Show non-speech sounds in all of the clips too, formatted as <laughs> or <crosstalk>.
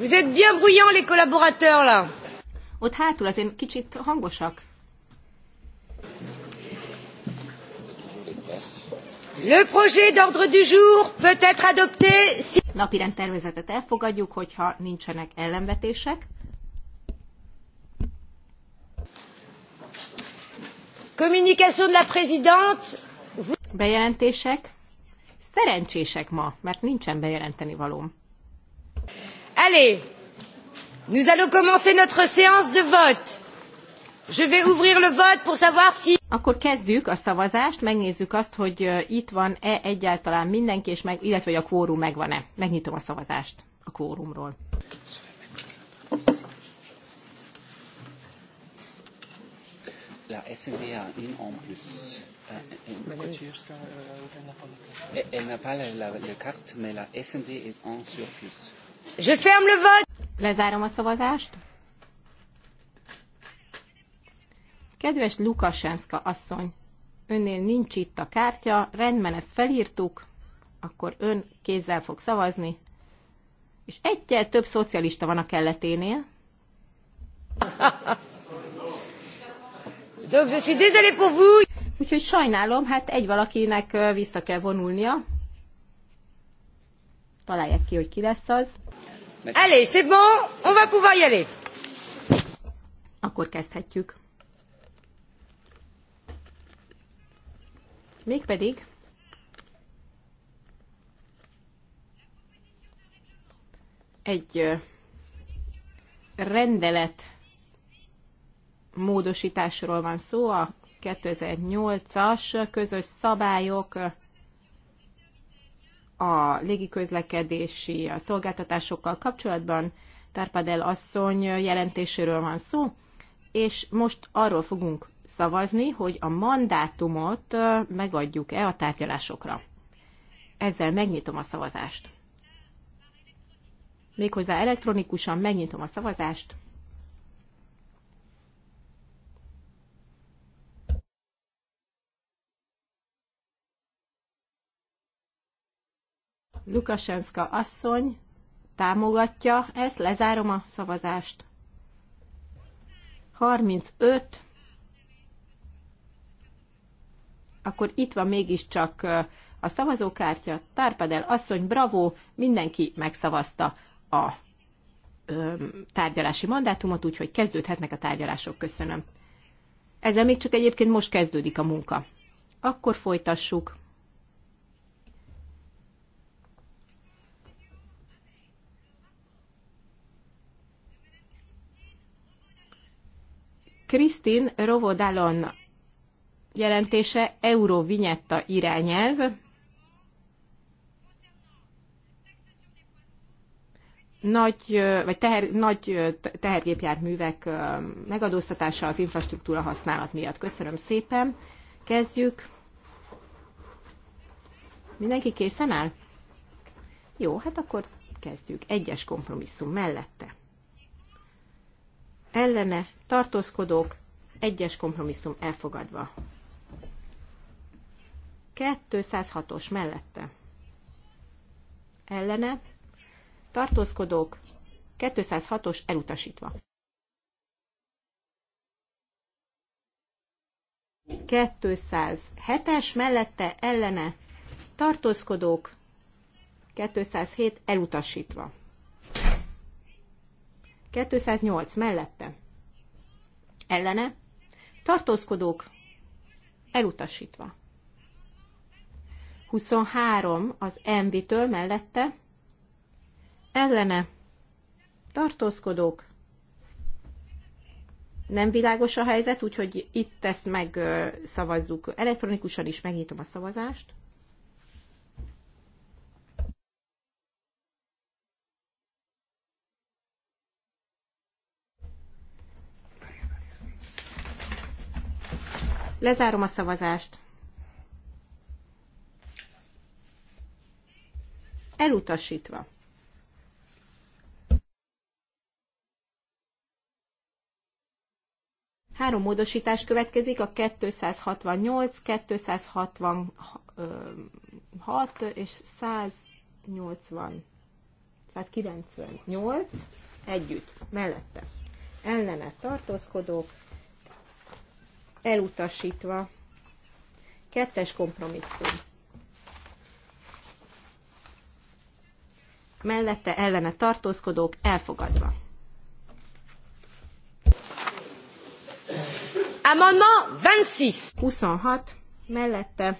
Vous êtes bien bruyants, les collaborateurs, là. Ott hátul azért kicsit hangosak. Le projet d'ordre du jour peut être adopté si... Napirend tervezetet elfogadjuk, hogyha nincsenek ellenvetések. Communication de la présidente. Bejelentések. Szerencsések ma, mert nincsen bejelenteni valóm. Allez, nous allons commencer notre séance de vote. Je vais ouvrir le vote pour savoir si... Akkor kezdjük a szavazást, megnézzük azt, hogy itt van-e egyáltalán mindenki, és meg, illetve hogy a kvórum megvan-e. Megnyitom a szavazást a kvórumról. La SND in en plus. Euh, euh, euh, elle n'a pas la, la, la carte, mais la SND est en surplus. Je ferme le vote. Lezárom a szavazást. Kedves Lukasenszka asszony, önnél nincs itt a kártya, rendben ezt felírtuk, akkor ön kézzel fog szavazni, és egyel több szocialista van a kelleténél. <laughs> Donc je suis désolée pour vous. Úgyhogy sajnálom, hát egy valakinek vissza kell vonulnia találják ki, hogy ki lesz az. Allez, c'est bon, on va pouvoir y aller. Akkor kezdhetjük. Mégpedig egy rendelet módosításról van szó, a 2008-as közös szabályok a légiközlekedési a szolgáltatásokkal kapcsolatban. Tarpadel asszony jelentéséről van szó, és most arról fogunk szavazni, hogy a mandátumot megadjuk-e a tárgyalásokra. Ezzel megnyitom a szavazást. Méghozzá elektronikusan megnyitom a szavazást. Lukasenszka asszony támogatja ezt, lezárom a szavazást. 35, akkor itt van mégiscsak a szavazókártya, Tárpadel asszony, bravo, mindenki megszavazta a ö, tárgyalási mandátumot, úgyhogy kezdődhetnek a tárgyalások, köszönöm. Ezzel még csak egyébként most kezdődik a munka. Akkor folytassuk. Krisztin Rovodalon jelentése Eurovinyetta irányelv. Nagy, vagy teher, nagy tehergépjárművek megadóztatása az infrastruktúra használat miatt. Köszönöm szépen. Kezdjük. Mindenki készen áll? Jó, hát akkor kezdjük. Egyes kompromisszum mellette ellene tartózkodók, egyes kompromisszum elfogadva. 206-os mellette. Ellene tartózkodók, 206-os elutasítva. 207-es mellette ellene tartózkodók, 207 elutasítva. 208 mellette. Ellene. Tartózkodók elutasítva. 23 az MV-től mellette. Ellene. Tartózkodók. Nem világos a helyzet, úgyhogy itt ezt megszavazzuk elektronikusan is, megnyitom a szavazást. Lezárom a szavazást. Elutasítva. Három módosítás következik, a 268, 266 és 180, 198 együtt, mellette. Ellene tartózkodók, elutasítva. Kettes kompromisszum. Mellette ellene tartózkodók elfogadva. Amendment 26. 26. Mellette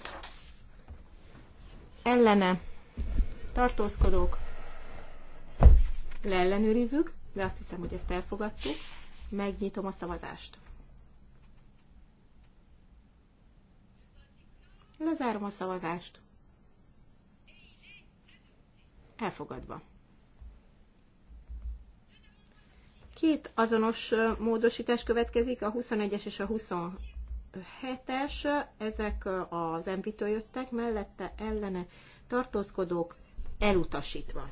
ellene tartózkodók leellenőrizzük, de azt hiszem, hogy ezt elfogadtuk. Megnyitom a szavazást. Lezárom a szavazást. Elfogadva. Két azonos módosítás következik, a 21-es és a 27-es. Ezek az MV-től jöttek, mellette ellene tartózkodók elutasítva.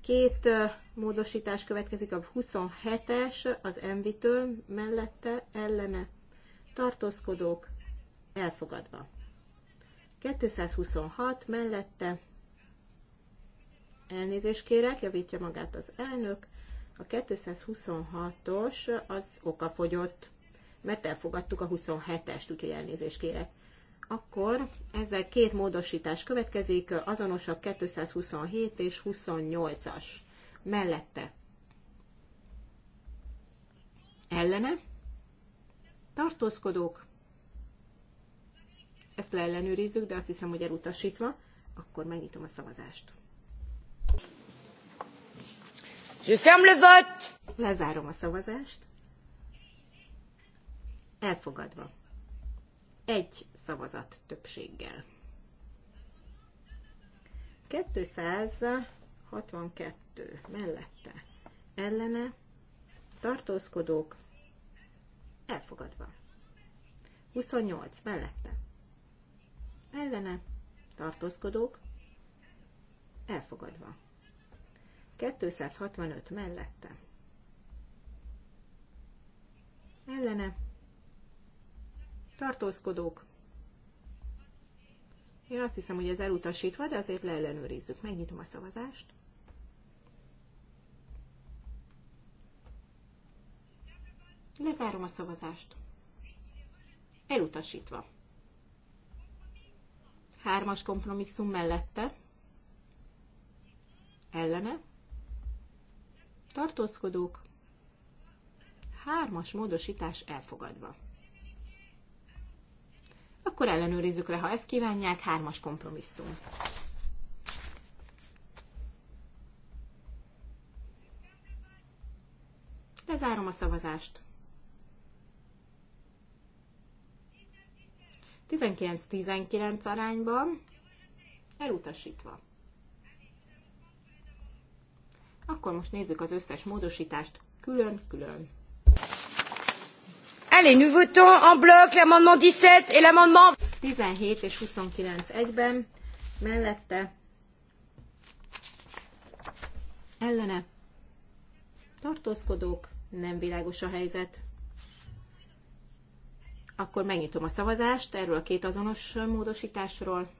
Két módosítás következik, a 27-es az MV-től, mellette ellene tartózkodók elfogadva. 226 mellette elnézést kérek, javítja magát az elnök. A 226-os az okafogyott, mert elfogadtuk a 27-est, úgyhogy elnézést kérek. Akkor ezzel két módosítás következik, azonosak 227 és 28-as. Mellette. Ellene. Tartózkodók. Ezt leellenőrizzük, de azt hiszem, hogy elutasítva, akkor megnyitom a szavazást. Je ferme le vote! Lezárom a szavazást. Elfogadva. Egy szavazat többséggel. 262 mellette ellene tartózkodók elfogadva. 28 mellette ellene tartózkodók elfogadva. 265 mellette ellene tartózkodók én azt hiszem, hogy ez elutasítva, de azért leellenőrizzük. Megnyitom a szavazást. Lezárom a szavazást. Elutasítva. Hármas kompromisszum mellette. Ellene. Tartózkodók. Hármas módosítás elfogadva. Akkor ellenőrizzük le, ha ezt kívánják, hármas kompromisszum. Lezárom a szavazást. 19-19 arányban elutasítva. Akkor most nézzük az összes módosítást külön-külön. Allez, nous votons en bloc l'amendement 17 et l'amendement 17 és 29 egyben, mellette ellene tartózkodók, nem világos a helyzet, akkor megnyitom a szavazást erről a két azonos módosításról.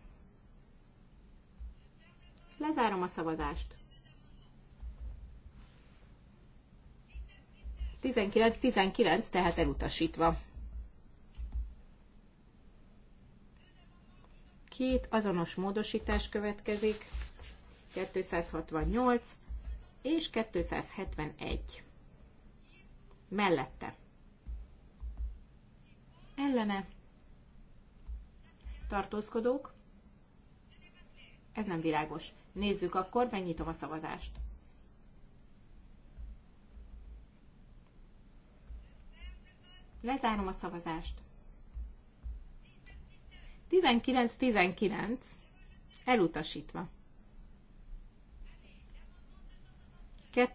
Lezárom a szavazást. 19-19, tehát elutasítva. Két azonos módosítás következik, 268 és 271. Mellette ellene tartózkodók. Ez nem világos. Nézzük akkor, megnyitom a szavazást. Lezárom a szavazást. 19-19 elutasítva.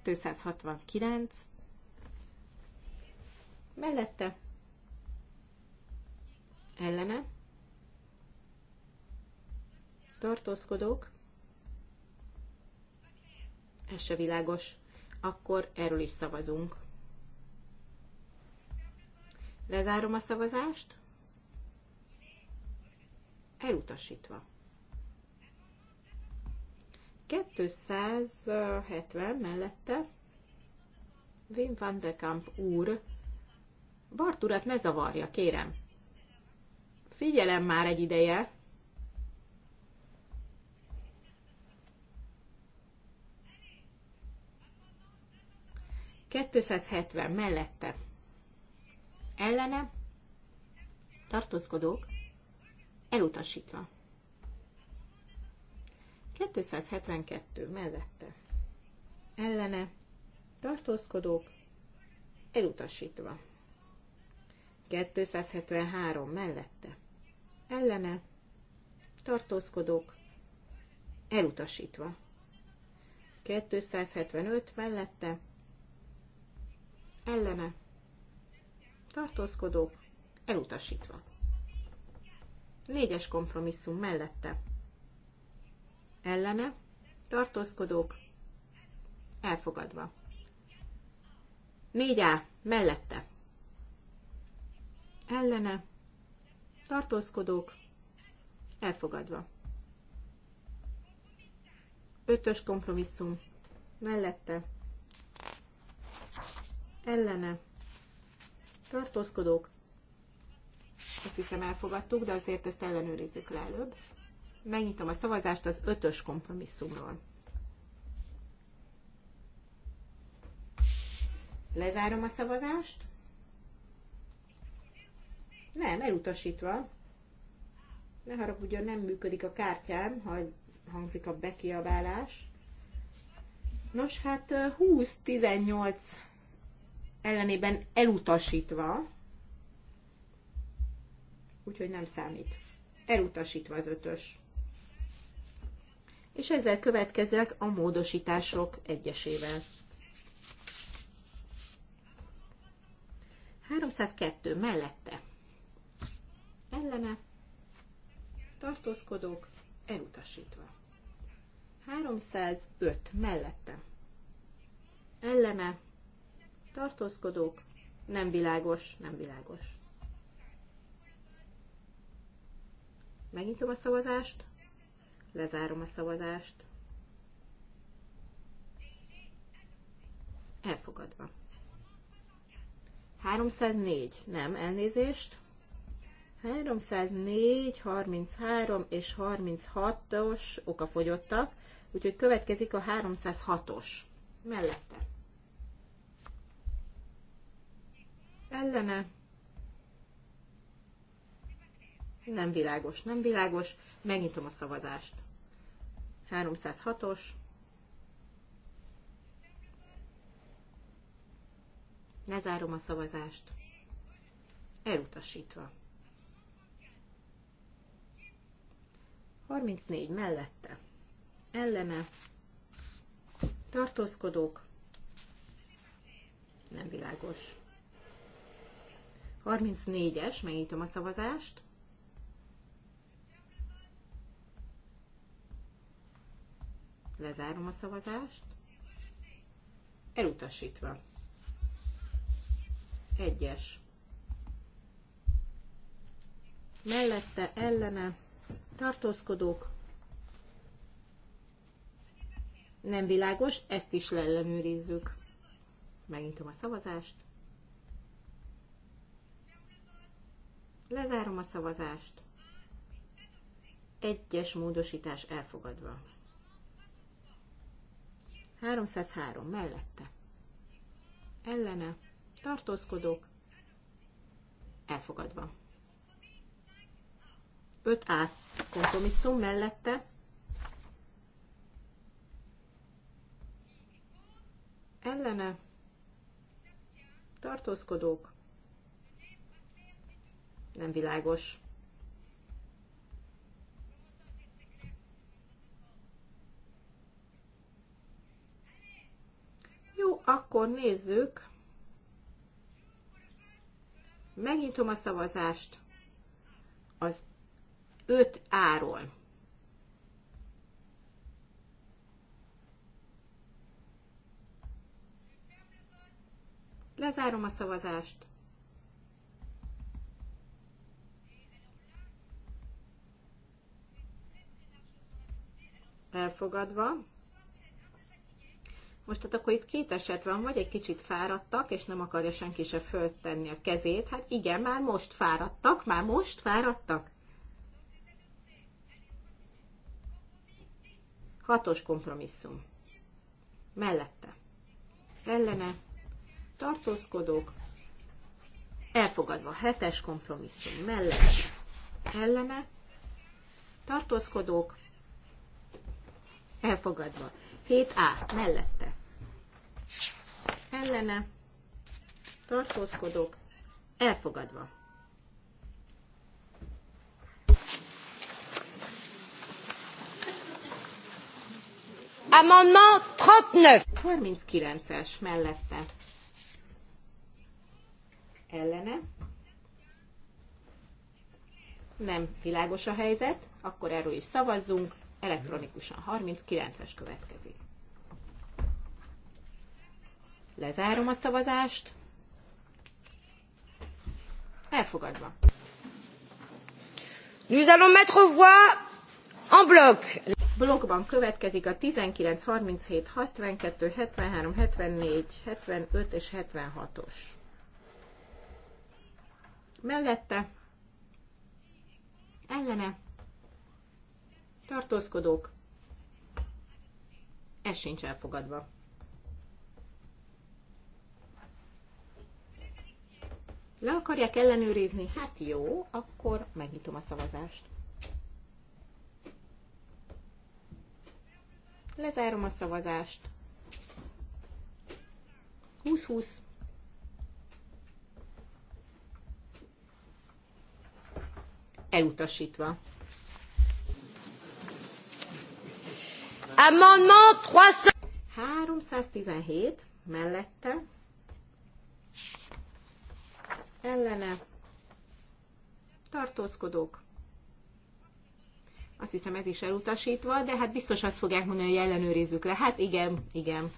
269 mellette ellene, tartózkodók, ez se világos, akkor erről is szavazunk. Lezárom a szavazást, elutasítva. 270 mellette Wim van de Kamp úr, Bart urat ne zavarja, kérem figyelem már egy ideje, Kettőszázhetven mellette ellene tartózkodók elutasítva. 272 mellette ellene tartózkodók elutasítva. 273 mellette ellene tartózkodók elutasítva. 275 mellette ellene tartózkodók elutasítva. Négyes kompromisszum mellette ellene tartózkodók elfogadva. 4A mellette ellene tartózkodók, elfogadva. Ötös kompromisszum, mellette, ellene, tartózkodók, azt hiszem elfogadtuk, de azért ezt ellenőrizzük le előbb. Megnyitom a szavazást az ötös kompromisszumról. Lezárom a szavazást. Nem, elutasítva. Ne haragudjon, nem működik a kártyám, ha hangzik a bekiabálás. Nos, hát 20-18 ellenében elutasítva, úgyhogy nem számít. Elutasítva az ötös. És ezzel következnek a módosítások egyesével. 302 mellette ellene tartózkodók elutasítva. 305 mellette ellene tartózkodók nem világos, nem világos. Megnyitom a szavazást, lezárom a szavazást. Elfogadva. 304, nem, elnézést. 304, 33 és 36-os okafogyottak, úgyhogy következik a 306-os mellette. Ellene. Nem világos, nem világos. Megnyitom a szavazást. 306-os. Lezárom a szavazást. Elutasítva. 34 mellette ellene tartózkodók nem világos. 34-es, megnyitom a szavazást. Lezárom a szavazást. Elutasítva. Egyes. Mellette, ellene, tartózkodók, nem világos, ezt is leellenőrizzük. Megnyitom a szavazást. Lezárom a szavazást. Egyes módosítás elfogadva. 303 mellette. Ellene. Tartózkodók. Elfogadva. 5A kompromisszum mellette ellene tartózkodók nem világos. Jó, akkor nézzük. Megnyitom a szavazást az 5A-ról. Lezárom a szavazást. Elfogadva. Most hát akkor itt két eset van, vagy egy kicsit fáradtak, és nem akarja senki se föltenni a kezét. Hát igen, már most fáradtak, már most fáradtak. Hatos kompromisszum. Mellette. Ellene. Tartózkodók. Elfogadva. Hetes kompromisszum. Mellette. Ellene. Tartózkodók. Elfogadva. 7A. Mellette. Ellene. Tartózkodók. Elfogadva. Amendement 39. 39-es mellette. Ellene. Nem világos a helyzet, akkor erről is szavazzunk. Elektronikusan 39-es következik. Lezárom a szavazást. Elfogadva. Nous allons mettre au voix en bloc. Blogban következik a 19, 37, 62, 73, 74, 75 és 76-os. Mellette ellene tartózkodók. Ez sincs elfogadva. Le akarják ellenőrizni? Hát jó, akkor megnyitom a szavazást. Lezárom a szavazást. 20-20. Elutasítva. Amendment 300... 317 mellette ellene tartózkodók azt hiszem ez is elutasítva, de hát biztos azt fogják mondani, hogy ellenőrizzük le. Hát igen, igen.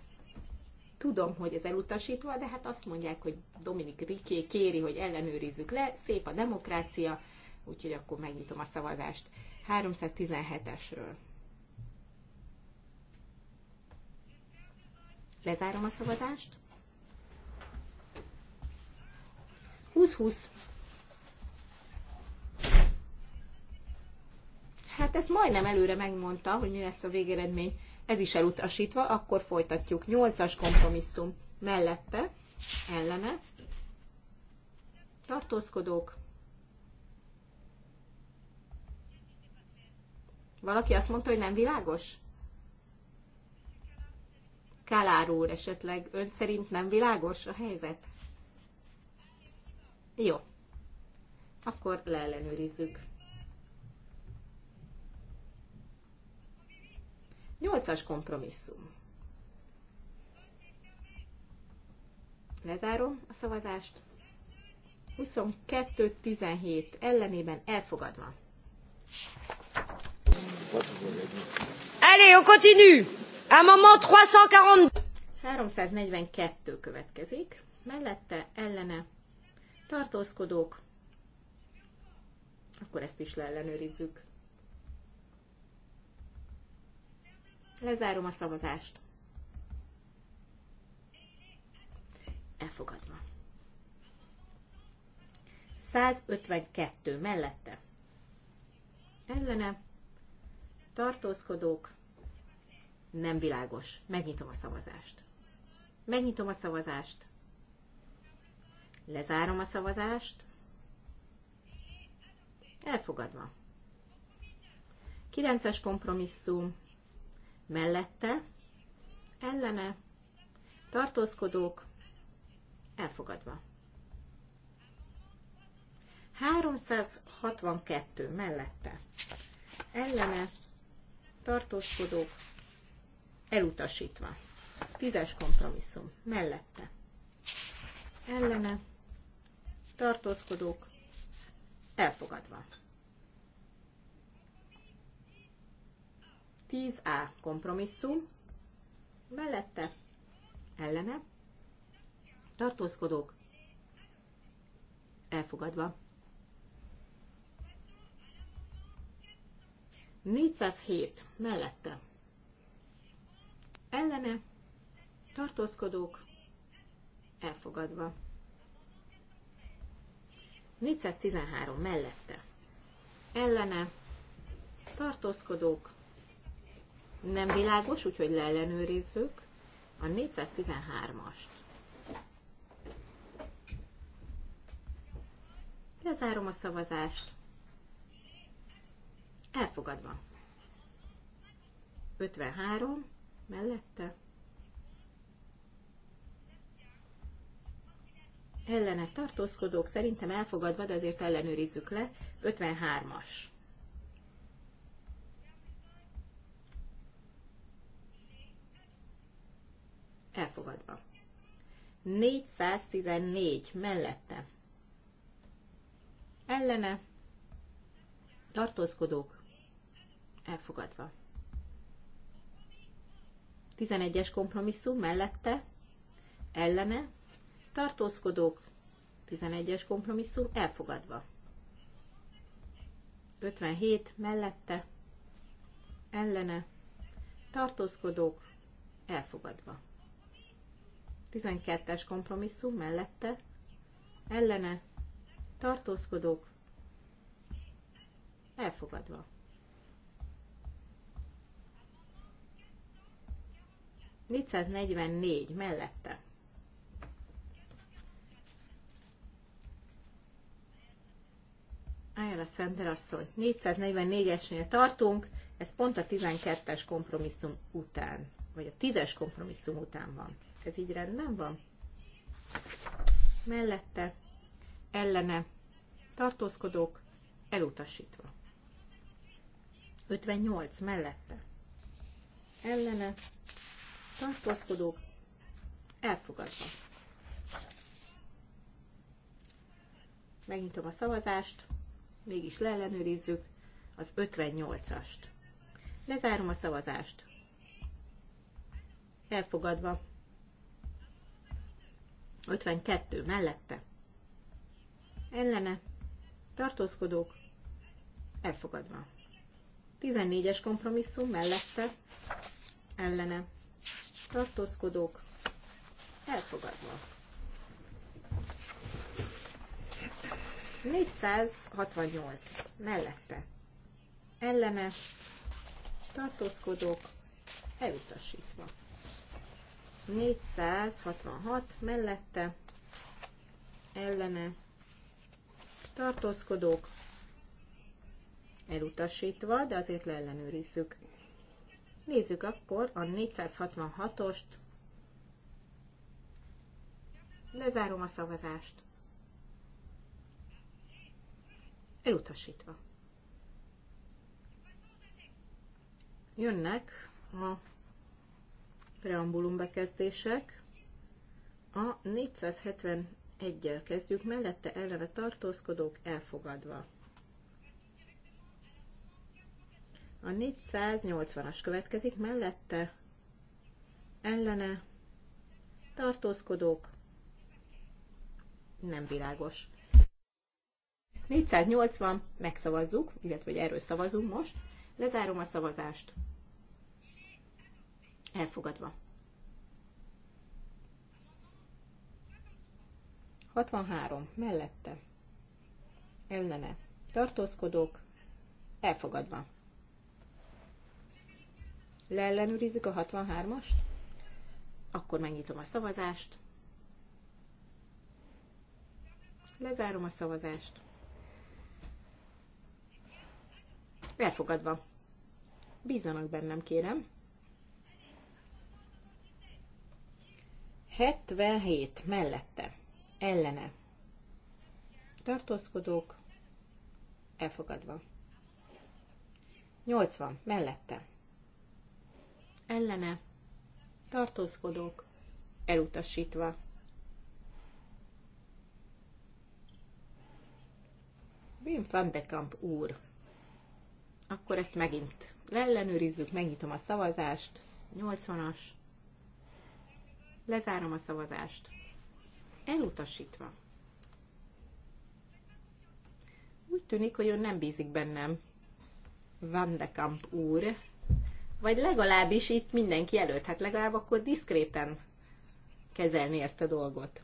Tudom, hogy ez elutasítva, de hát azt mondják, hogy Dominik Riké kéri, hogy ellenőrizzük le. Szép a demokrácia, úgyhogy akkor megnyitom a szavazást. 317-esről. Lezárom a szavazást. 20-20 Hát ezt majdnem előre megmondta, hogy mi lesz a végeredmény. Ez is elutasítva, akkor folytatjuk. Nyolcas kompromisszum mellette, ellene, tartózkodók. Valaki azt mondta, hogy nem világos? Kalár úr esetleg ön szerint nem világos a helyzet? Jó. Akkor leellenőrizzük. Nyolcas kompromisszum. Lezárom a szavazást. 22-17 ellenében elfogadva. Allez, on continue! moment 342. 342 következik. Mellette ellene tartózkodók. Akkor ezt is leellenőrizzük. Lezárom a szavazást. Elfogadva. 152 mellette. Ellene tartózkodók nem világos. Megnyitom a szavazást. Megnyitom a szavazást. Lezárom a szavazást. Elfogadva. 9-es kompromisszum mellette, ellene, tartózkodók, elfogadva. 362 mellette, ellene, tartózkodók, elutasítva. Tízes kompromisszum, mellette, ellene, tartózkodók, elfogadva. 10A kompromisszum, mellette ellene tartózkodók elfogadva. 407 mellette ellene tartózkodók elfogadva. 413 mellette ellene tartózkodók nem világos, úgyhogy leellenőrizzük a 413-ast. Lezárom a szavazást. Elfogadva. 53 mellette. Ellene tartózkodók szerintem elfogadva, de azért ellenőrizzük le. 53-as. 414 mellette. Ellene tartózkodók elfogadva. 11-es kompromisszum mellette ellene tartózkodók 11-es kompromisszum elfogadva. 57 mellette ellene tartózkodók elfogadva. 12-es kompromisszum mellette, ellene, tartózkodók, elfogadva. négy mellette. Ájára Szenter asszony, 444-esnél tartunk, ez pont a 12-es kompromisszum után, vagy a 10-es kompromisszum után van. Ez így rendben van? Mellette, ellene, tartózkodók, elutasítva. 58 mellette, ellene, tartózkodók, elfogadva. Megnyitom a szavazást, mégis leellenőrizzük az 58-ast. Lezárom a szavazást. Elfogadva. 52 mellette. Ellene. Tartózkodók. Elfogadva. 14-es kompromisszum mellette. Ellene. Tartózkodók. Elfogadva. 468 mellette. Ellene. Tartózkodók. Elutasítva. 466 mellette ellene tartózkodók elutasítva, de azért leellenőrizzük. Nézzük akkor a 466-ost. Lezárom a szavazást. Elutasítva. Jönnek a preambulum bekezdések. A 471-jel kezdjük, mellette ellene tartózkodók elfogadva. A 480-as következik, mellette ellene tartózkodók nem világos. 480, megszavazzuk, illetve hogy erről szavazunk most. Lezárom a szavazást. Elfogadva. 63. Mellette. Ellene. Tartózkodók. Elfogadva. Leellenőrizzük a 63-ast. Akkor megnyitom a szavazást. Lezárom a szavazást. Elfogadva. Bízanak bennem, kérem. 77 mellette, ellene. Tartózkodók, elfogadva. 80 mellette, ellene. Tartózkodók, elutasítva. Wim van de Kamp úr. Akkor ezt megint leellenőrizzük, megnyitom a szavazást. 80-as. Lezárom a szavazást. Elutasítva. Úgy tűnik, hogy ön nem bízik bennem. Van de Kamp úr. Vagy legalábbis itt mindenki előtt. Hát legalább akkor diszkréten kezelni ezt a dolgot.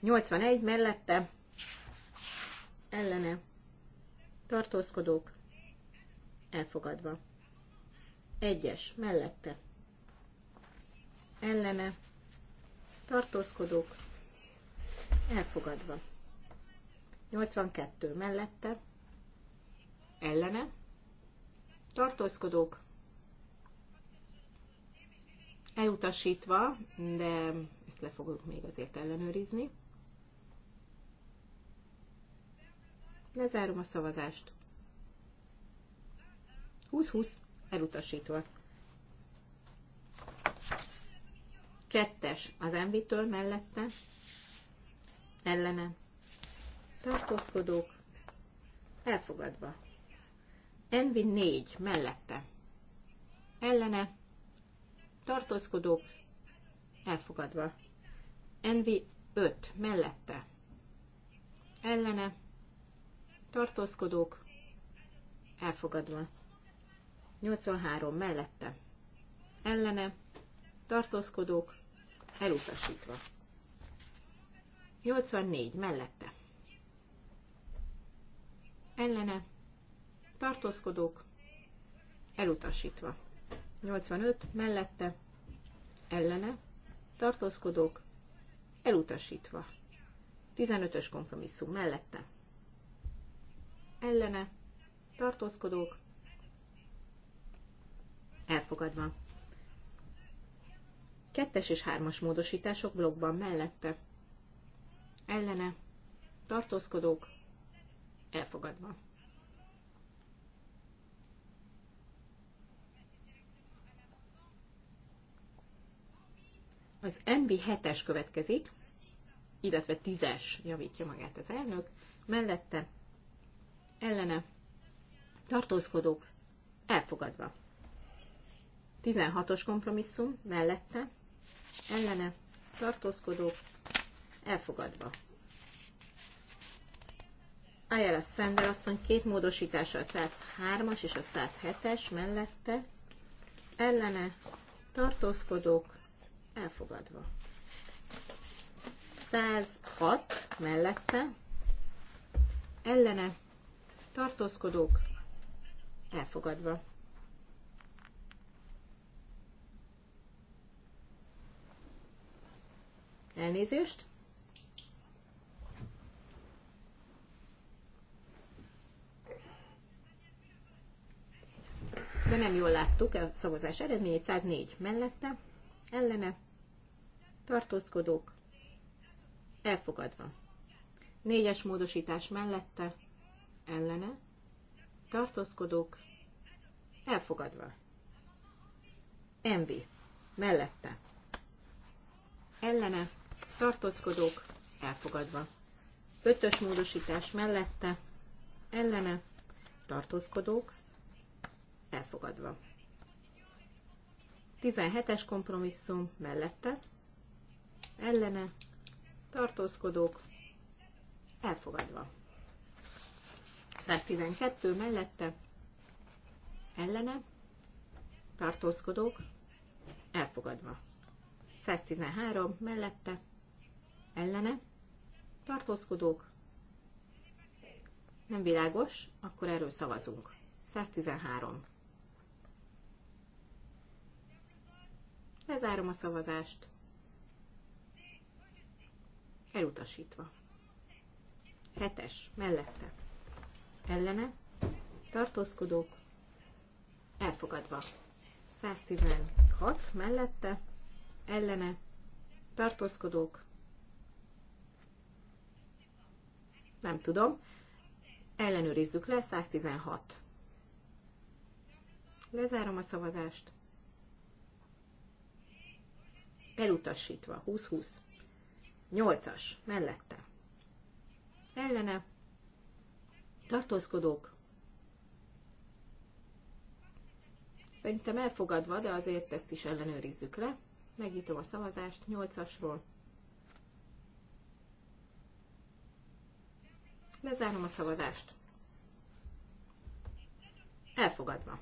81 mellette ellene tartózkodók elfogadva. Egyes mellette ellene tartózkodók elfogadva. 82 mellette ellene tartózkodók elutasítva, de ezt le fogjuk még azért ellenőrizni. Lezárom a szavazást. 20-20 elutasítva. Kettes az envitől mellette, ellene, tartózkodók, elfogadva. Envi négy mellette, ellene, tartózkodók, elfogadva. Envi öt mellette, ellene, tartózkodók, elfogadva. 83 mellette, ellene, tartózkodók, elutasítva. 84 mellette. Ellene tartózkodók elutasítva. 85 mellette. Ellene tartózkodók elutasítva. 15-ös kompromisszum mellette. Ellene tartózkodók elfogadva. Kettes és hármas módosítások blogban mellette. Ellene. Tartózkodók. Elfogadva. Az MB7-es következik, illetve 10-es javítja magát az elnök, mellette ellene tartózkodók elfogadva. 16-os kompromisszum mellette ellene tartózkodók elfogadva. Ayala Sander asszony két módosítása a 103-as és a 107-es mellette ellene tartózkodók elfogadva. 106 mellette ellene tartózkodók elfogadva. Elnézést. De nem jól láttuk a szavazás eredményét. 104 mellette, ellene, tartózkodók, elfogadva. Négyes módosítás mellette, ellene, tartózkodók, elfogadva. Envi, mellette, ellene, tartózkodók elfogadva. Ötös módosítás mellette, ellene, tartózkodók elfogadva. 17-es kompromisszum mellette, ellene, tartózkodók elfogadva. 112 mellette, ellene, tartózkodók elfogadva. 113 mellette, ellene, tartózkodók, nem világos, akkor erről szavazunk. 113. Lezárom a szavazást. Elutasítva. Hetes, mellette. Ellene, tartózkodók, elfogadva. 116 mellette, ellene, tartózkodók, Nem tudom. Ellenőrizzük le, 116. Lezárom a szavazást. Elutasítva, 20-20. 8-as, mellette. Ellene. Tartózkodók. Szerintem elfogadva, de azért ezt is ellenőrizzük le. Megnyitom a szavazást 8-asról. Lezárom a szavazást. Elfogadva.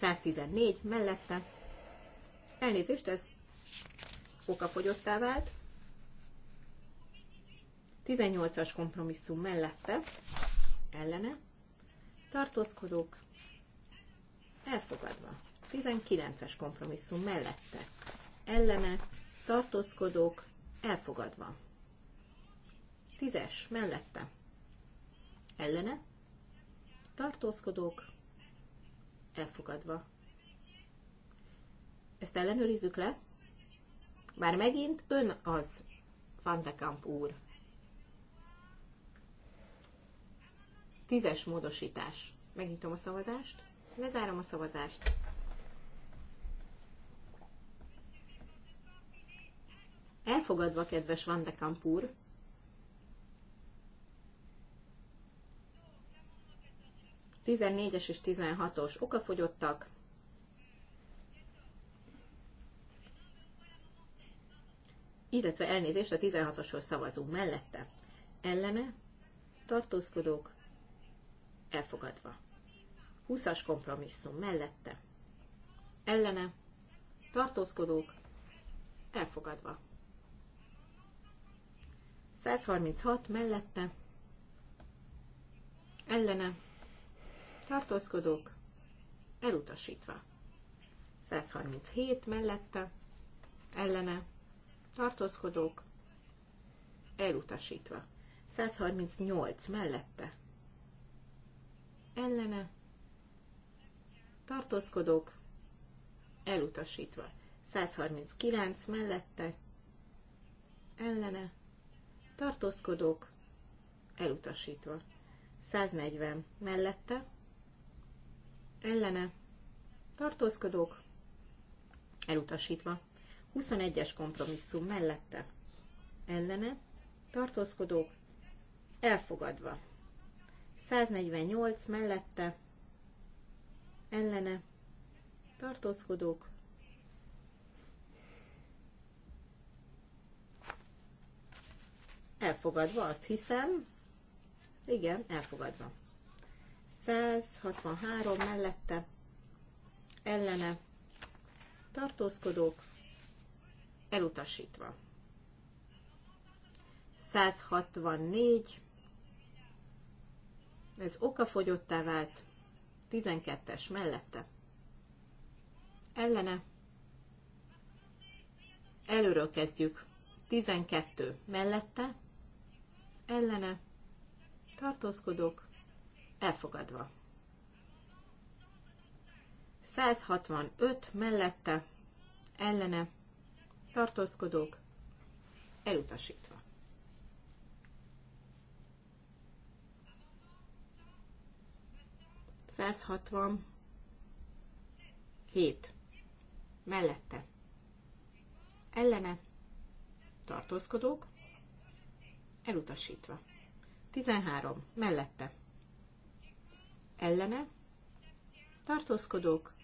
114 mellette. Elnézést, ez okafogyottá vált. 18-as kompromisszum mellette, ellene, tartózkodók, elfogadva. 19-es kompromisszum mellette, ellene, tartózkodók, Elfogadva. Tízes, mellette. Ellene. Tartózkodók. Elfogadva. Ezt ellenőrizzük le. Már megint ön az, Van de Kamp úr. Tízes módosítás. Megnyitom a szavazást. Lezárom a szavazást. Elfogadva, kedves Van de Kampur. Tizennégyes és 16-os okafogyottak. Illetve elnézést a 16-oshoz szavazunk mellette. Ellene tartózkodók elfogadva. 20-as kompromisszum mellette. Ellene tartózkodók elfogadva. 136 mellette ellene tartózkodók elutasítva. 137 mellette ellene tartózkodók elutasítva. 138 mellette ellene tartózkodók elutasítva. 139 mellette ellene tartózkodók, elutasítva. 140 mellette, ellene, tartózkodók, elutasítva. 21-es kompromisszum mellette, ellene, tartózkodók, elfogadva. 148 mellette, ellene, tartózkodók, Elfogadva, azt hiszem. Igen, elfogadva. 163 mellette ellene tartózkodók elutasítva. 164 ez okafogyottá vált 12-es mellette. Ellene előről kezdjük 12 mellette ellene tartózkodók elfogadva. 165 mellette ellene tartózkodók elutasítva. 167 mellette ellene tartózkodók elutasítva. 13. Mellette. Ellene. Tartózkodók.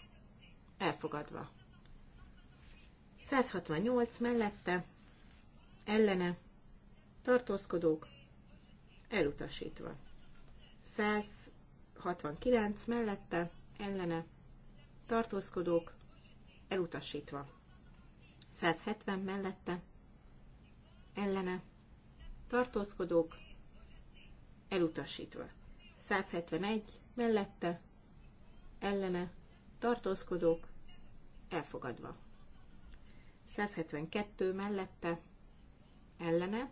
Elfogadva. 168. Mellette. Ellene. Tartózkodók. Elutasítva. 169. Mellette. Ellene. Tartózkodók. Elutasítva. 170 mellette. Ellene tartózkodók, elutasítva. 171 mellette, ellene, tartózkodók, elfogadva. 172 mellette, ellene,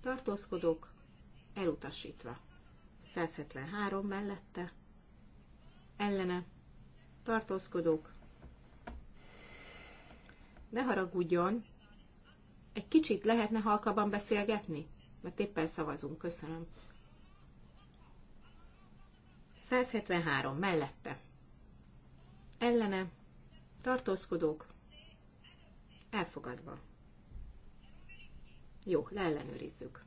tartózkodók, elutasítva. 173 mellette, ellene, tartózkodók. Ne haragudjon, egy kicsit lehetne halkabban beszélgetni? mert éppen szavazunk. Köszönöm. 173 mellette. Ellene. Tartózkodók. Elfogadva. Jó, leellenőrizzük.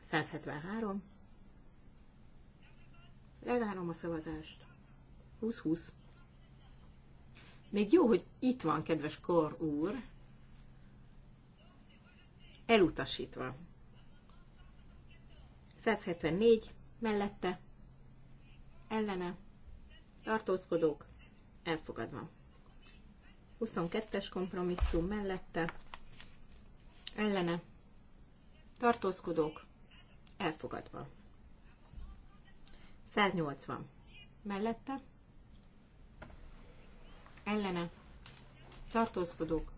Százhetvenhárom. Lezárom a szavazást. 20-20. Még jó, hogy itt van, kedves kor úr, elutasítva. 174 mellette, ellene, tartózkodók, elfogadva. 22-es kompromisszum mellette, ellene, tartózkodók, elfogadva. 180 mellette, ellene tartózkodók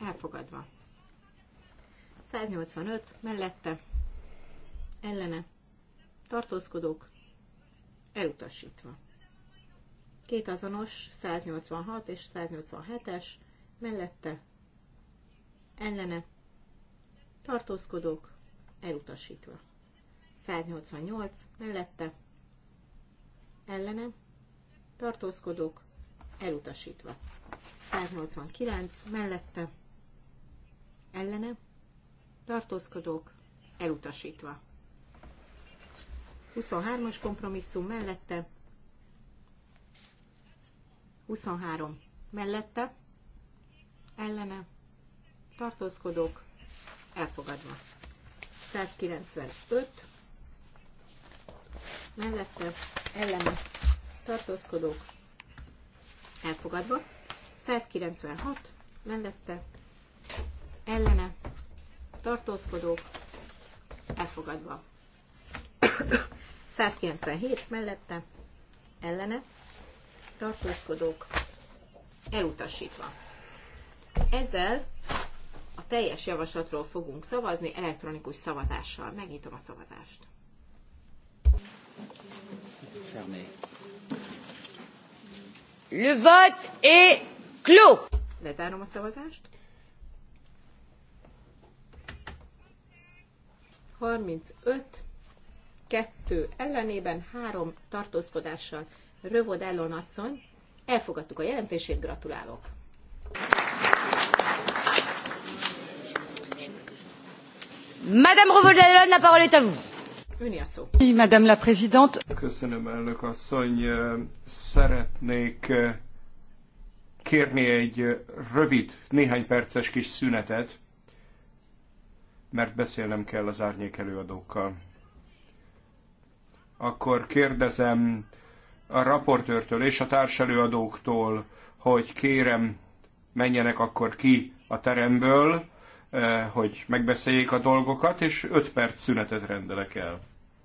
elfogadva. 185 mellette ellene tartózkodók elutasítva. Két azonos 186 és 187-es mellette ellene tartózkodók elutasítva. 188 mellette ellene tartózkodók elutasítva. 189 mellette ellene tartózkodók elutasítva. 23-as kompromisszum mellette 23 mellette ellene tartózkodók elfogadva. 195 mellette ellene tartózkodók elfogadva. 196 mellette ellene tartózkodók elfogadva. 197 mellette ellene tartózkodók elutasítva. Ezzel a teljes javaslatról fogunk szavazni elektronikus szavazással. Megnyitom a szavazást. Fermé. Le vote est clos. Lezárom a szavazást. 35, 2 ellenében, 3 tartózkodással Rövod Ellon asszony. Elfogadtuk a jelentését, gratulálok! Madame Revaud-Dallon, la parole est à vous. Öni a szó. Madame la Présidente. Köszönöm, elnök asszony. Szeretnék eh, kérni egy eh, rövid, néhány perces kis szünetet, mert beszélnem kell az árnyék előadókkal. Akkor kérdezem a raportőrtől és a társelőadóktól, hogy kérem, menjenek akkor ki a teremből, eh, hogy megbeszéljék a dolgokat, és öt perc szünetet rendelek el.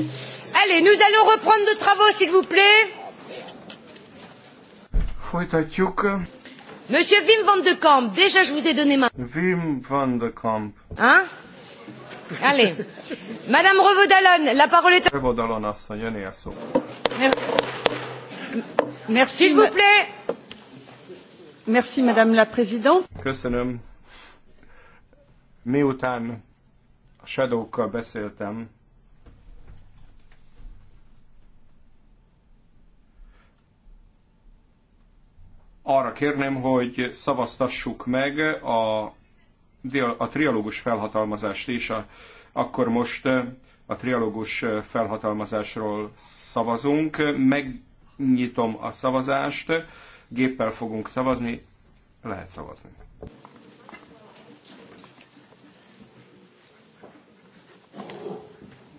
Allez, nous allons reprendre nos travaux, s'il vous plaît. Folytatjuk. Monsieur Wim van de Kamp, déjà je vous ai donné ma... Wim van de Kamp. Hein Allez. Madame Revaudalon, la parole est à... Revaudalon asszony, jön a szó. Merci. S'il vous plaît. Merci, Madame la Présidente. Köszönöm. Miután a shadow beszéltem, arra kérném, hogy szavaztassuk meg a, a trialógus felhatalmazást is. A, akkor most a trialógus felhatalmazásról szavazunk. Megnyitom a szavazást, géppel fogunk szavazni, lehet szavazni.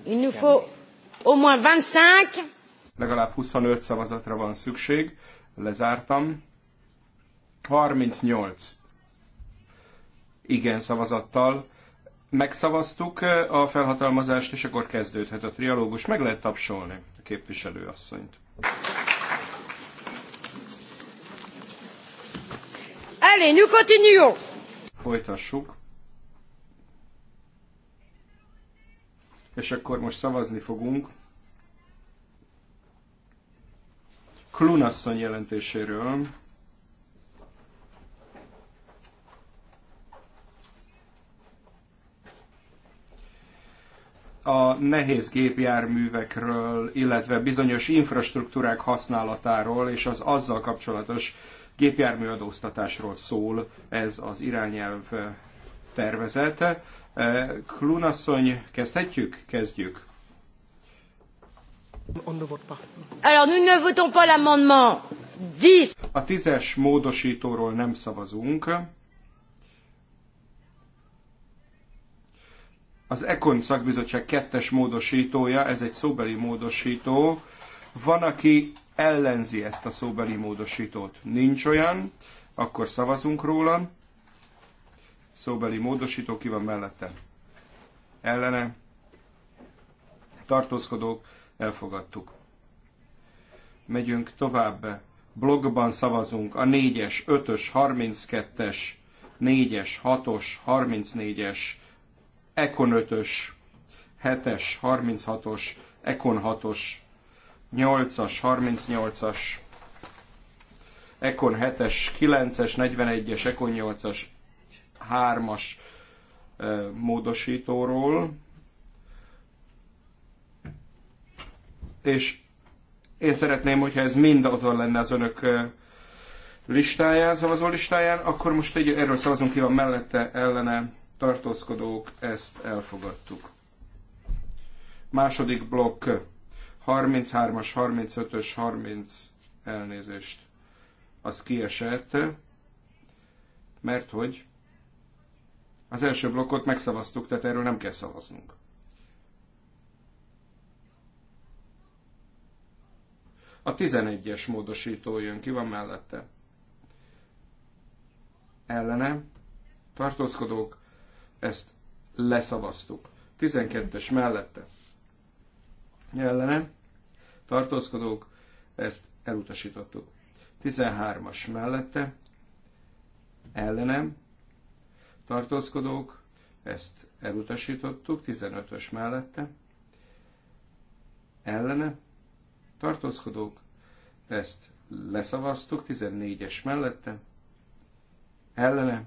Il nous faut au moins 25. Legalább 25 szavazatra van szükség. Lezártam. 38 igen szavazattal megszavaztuk a felhatalmazást, és akkor kezdődhet a trialógus. Meg lehet tapsolni a képviselőasszonyt. Allez, nous continuons! Folytassuk. És akkor most szavazni fogunk Klunasszony jelentéséről. a nehéz gépjárművekről, illetve bizonyos infrastruktúrák használatáról és az azzal kapcsolatos gépjárműadóztatásról szól ez az irányelv tervezete. E, Klunasszony, kezdhetjük? Kezdjük. Alors nous ne votons pas l'amendement 10. A tízes módosítóról nem szavazunk. az Ekon szakbizottság kettes módosítója, ez egy szóbeli módosító. Van, aki ellenzi ezt a szóbeli módosítót. Nincs olyan, akkor szavazunk róla. Szóbeli módosító, ki van mellette? Ellene? Tartózkodók, elfogadtuk. Megyünk tovább. Blogban szavazunk a 4-es, 5-ös, 32-es, 4-es, 6-os, 34-es, Econ 5-ös, 7-es, 36-os, Econ 6-os, 8-as, 38-as, Econ 7-es, 9-es, 41-es, Econ 8-as, 3-as módosítóról, és én szeretném, hogyha ez mind otthon lenne az önök listáján, szavazó listáján, akkor most egy, erről szavazunk ki van mellette, ellene tartózkodók, ezt elfogadtuk. Második blokk, 33-as, 35-ös, 30 elnézést, az kiesett, mert hogy az első blokkot megszavaztuk, tehát erről nem kell szavaznunk. A 11-es módosító jön ki, van mellette. Ellene, tartózkodók, ezt leszavaztuk. 12-es mellette ellene tartózkodók, ezt elutasítottuk. 13-as mellette ellenem tartózkodók, ezt elutasítottuk. 15-ös mellette ellene tartózkodók, ezt leszavaztuk. 14-es mellette ellene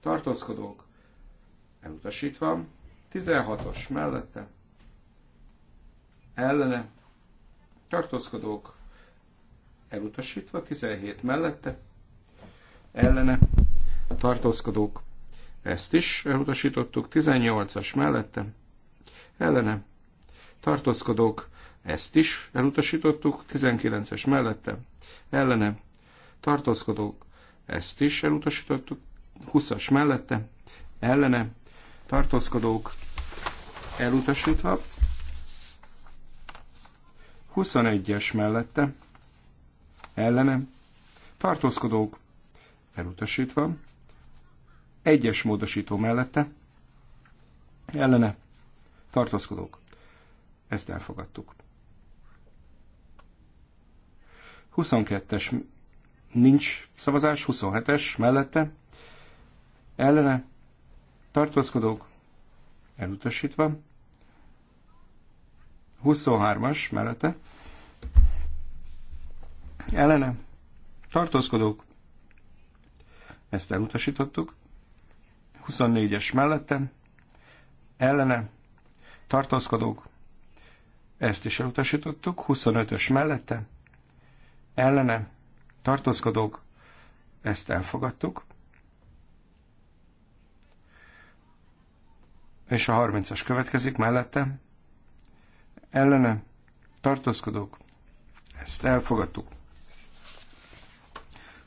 tartózkodók, elutasítva, 16-os mellette, ellene, tartózkodók elutasítva, 17 mellette, ellene, tartózkodók, ezt is elutasítottuk, 18-as mellette, ellene, tartózkodók, ezt is elutasítottuk, 19-es mellette, ellene, tartózkodók, ezt is elutasítottuk, 20-as mellette, ellene, tartózkodók elutasítva, 21-es mellette, ellene, tartózkodók elutasítva, egyes módosító mellette, ellene, tartózkodók. Ezt elfogadtuk. 22-es nincs szavazás, 27-es mellette, ellene, tartózkodók elutasítva, 23-as mellette, ellene, tartózkodók, ezt elutasítottuk, 24-es mellette, ellene, tartózkodók, ezt is elutasítottuk, 25-ös mellette, ellene, tartózkodók, ezt elfogadtuk, és a 30-as következik mellette. Ellene tartózkodók, ezt elfogadtuk.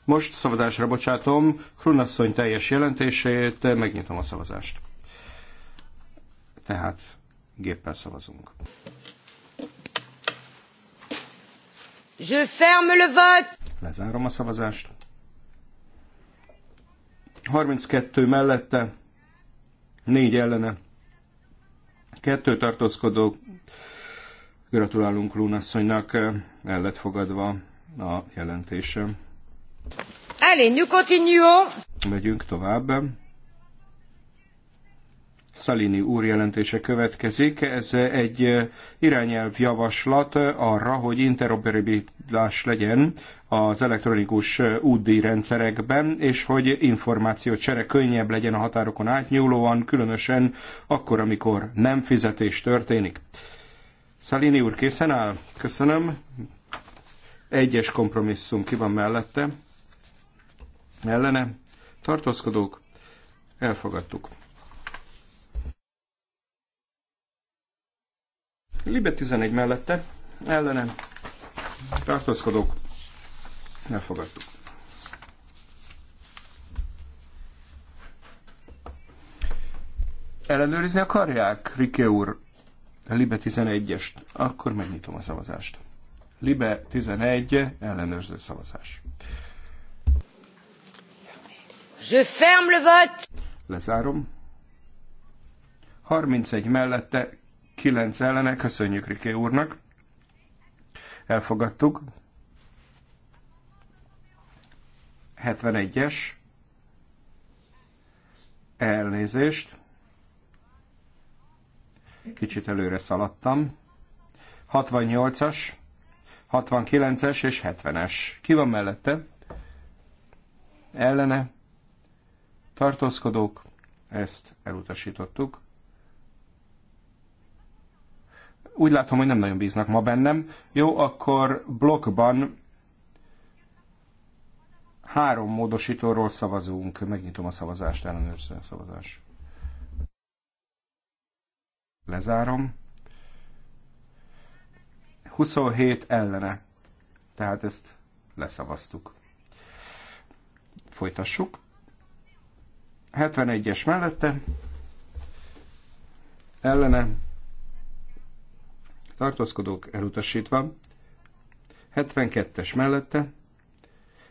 Most szavazásra bocsátom Krunasszony teljes jelentését, megnyitom a szavazást. Tehát géppel szavazunk. Je ferme le vote. Lezárom a szavazást. 32 mellette, 4 ellene, Kettő tartózkodó. Gratulálunk Lúnasszonynak, el lett fogadva a jelentése. Allez, nous continuons! Megyünk tovább. Szalini úr jelentése következik. Ez egy irányelvjavaslat arra, hogy interoperabilitás legyen az elektronikus útdíj rendszerekben, és hogy információcsere könnyebb legyen a határokon átnyúlóan, különösen akkor, amikor nem fizetés történik. Szalini úr készen áll? Köszönöm. Egyes kompromisszum ki van mellette. Ellene? Tartózkodók? Elfogadtuk. Libet 11 mellette, ellenem, tartózkodók, elfogadtuk. Ellenőrizni akarják, Rike úr, a Libe 11-est? Akkor megnyitom a szavazást. Libe 11, ellenőrző szavazás. Je ferme le vote! Lezárom. 31 mellette, 9 ellene, köszönjük Riké úrnak. Elfogadtuk. 71-es. Elnézést. Kicsit előre szaladtam. 68-as, 69-es és 70-es. Ki van mellette? Ellene. Tartózkodók. Ezt elutasítottuk. Úgy látom, hogy nem nagyon bíznak ma bennem. Jó, akkor blokkban három módosítóról szavazunk. Megnyitom a szavazást, ellenőrző a szavazás. Lezárom. 27 ellene. Tehát ezt leszavaztuk. Folytassuk. 71-es mellette. Ellene tartózkodók elutasítva, 72-es mellette,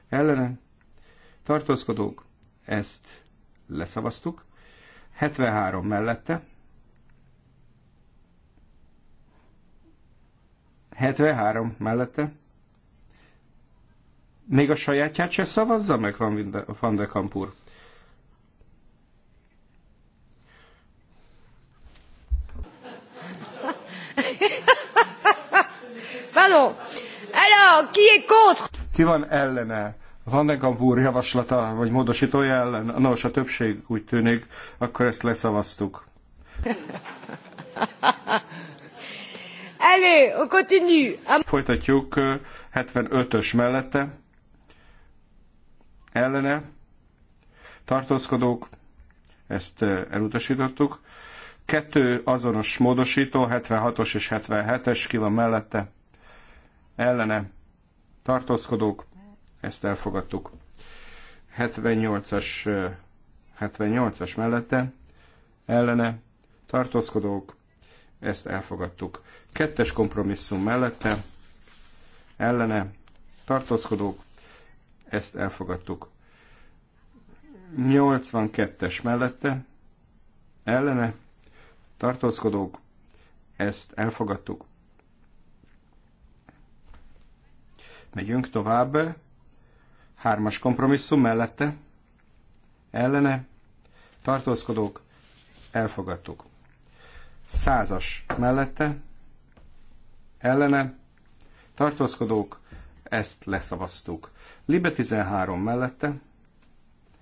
ellene, tartózkodók, ezt leszavaztuk, 73 mellette, 73 mellette, még a sajátját se szavazza meg Van, Van de Kampur. Alors, ki est contre? Ki van ellene? Van Vandenkamp úr javaslata, vagy módosítója ellen? Nos, a többség úgy tűnik, akkor ezt leszavaztuk. <laughs> Allez, on continue. Folytatjuk 75-ös mellette. Ellene. Tartózkodók. Ezt elutasítottuk. Kettő azonos módosító, 76-os és 77-es, ki van mellette ellene tartózkodók, ezt elfogadtuk. 78-as 78-as mellette ellene tartózkodók, ezt elfogadtuk. Kettes kompromisszum mellette ellene tartózkodók, ezt elfogadtuk. 82-es mellette ellene tartózkodók, ezt elfogadtuk. Megyünk tovább. Hármas kompromisszum mellette. Ellene. Tartózkodók. Elfogadtuk. Százas mellette. Ellene. Tartózkodók. Ezt leszavaztuk. Libe 13 mellette.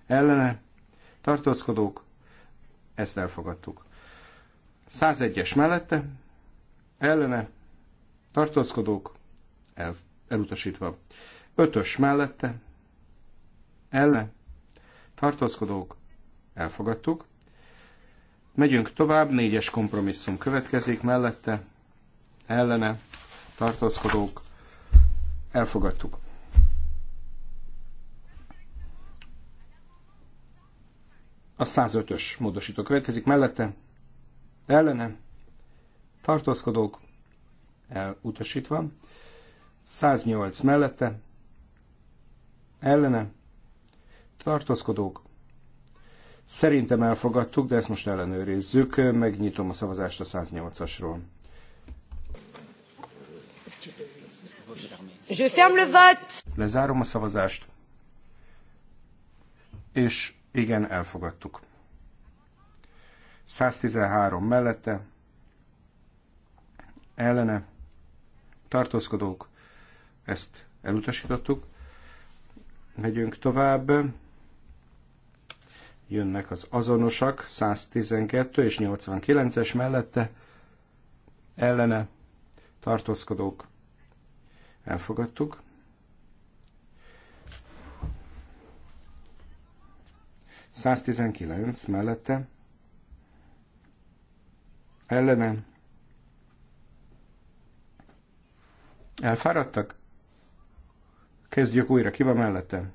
Ellene. Tartózkodók. Ezt elfogadtuk. 101-es mellette. Ellene. Tartózkodók. Elfogadtuk elutasítva. Ötös mellette, ellen, tartózkodók, elfogadtuk. Megyünk tovább, négyes kompromisszum következik mellette, ellene, tartózkodók, elfogadtuk. A 105-ös módosító következik mellette, ellene, tartózkodók, elutasítva. 108 mellette, ellene, tartózkodók. Szerintem elfogadtuk, de ezt most ellenőrizzük. Megnyitom a szavazást a 108-asról. Lezárom a szavazást. És igen, elfogadtuk. 113 mellette, ellene, tartózkodók, ezt elutasítottuk. Megyünk tovább. Jönnek az azonosak, 112 és 89-es mellette ellene tartózkodók. Elfogadtuk. Száztizenkilenc mellette ellenem. Elfáradtak? Kezdjük újra, ki van mellettem?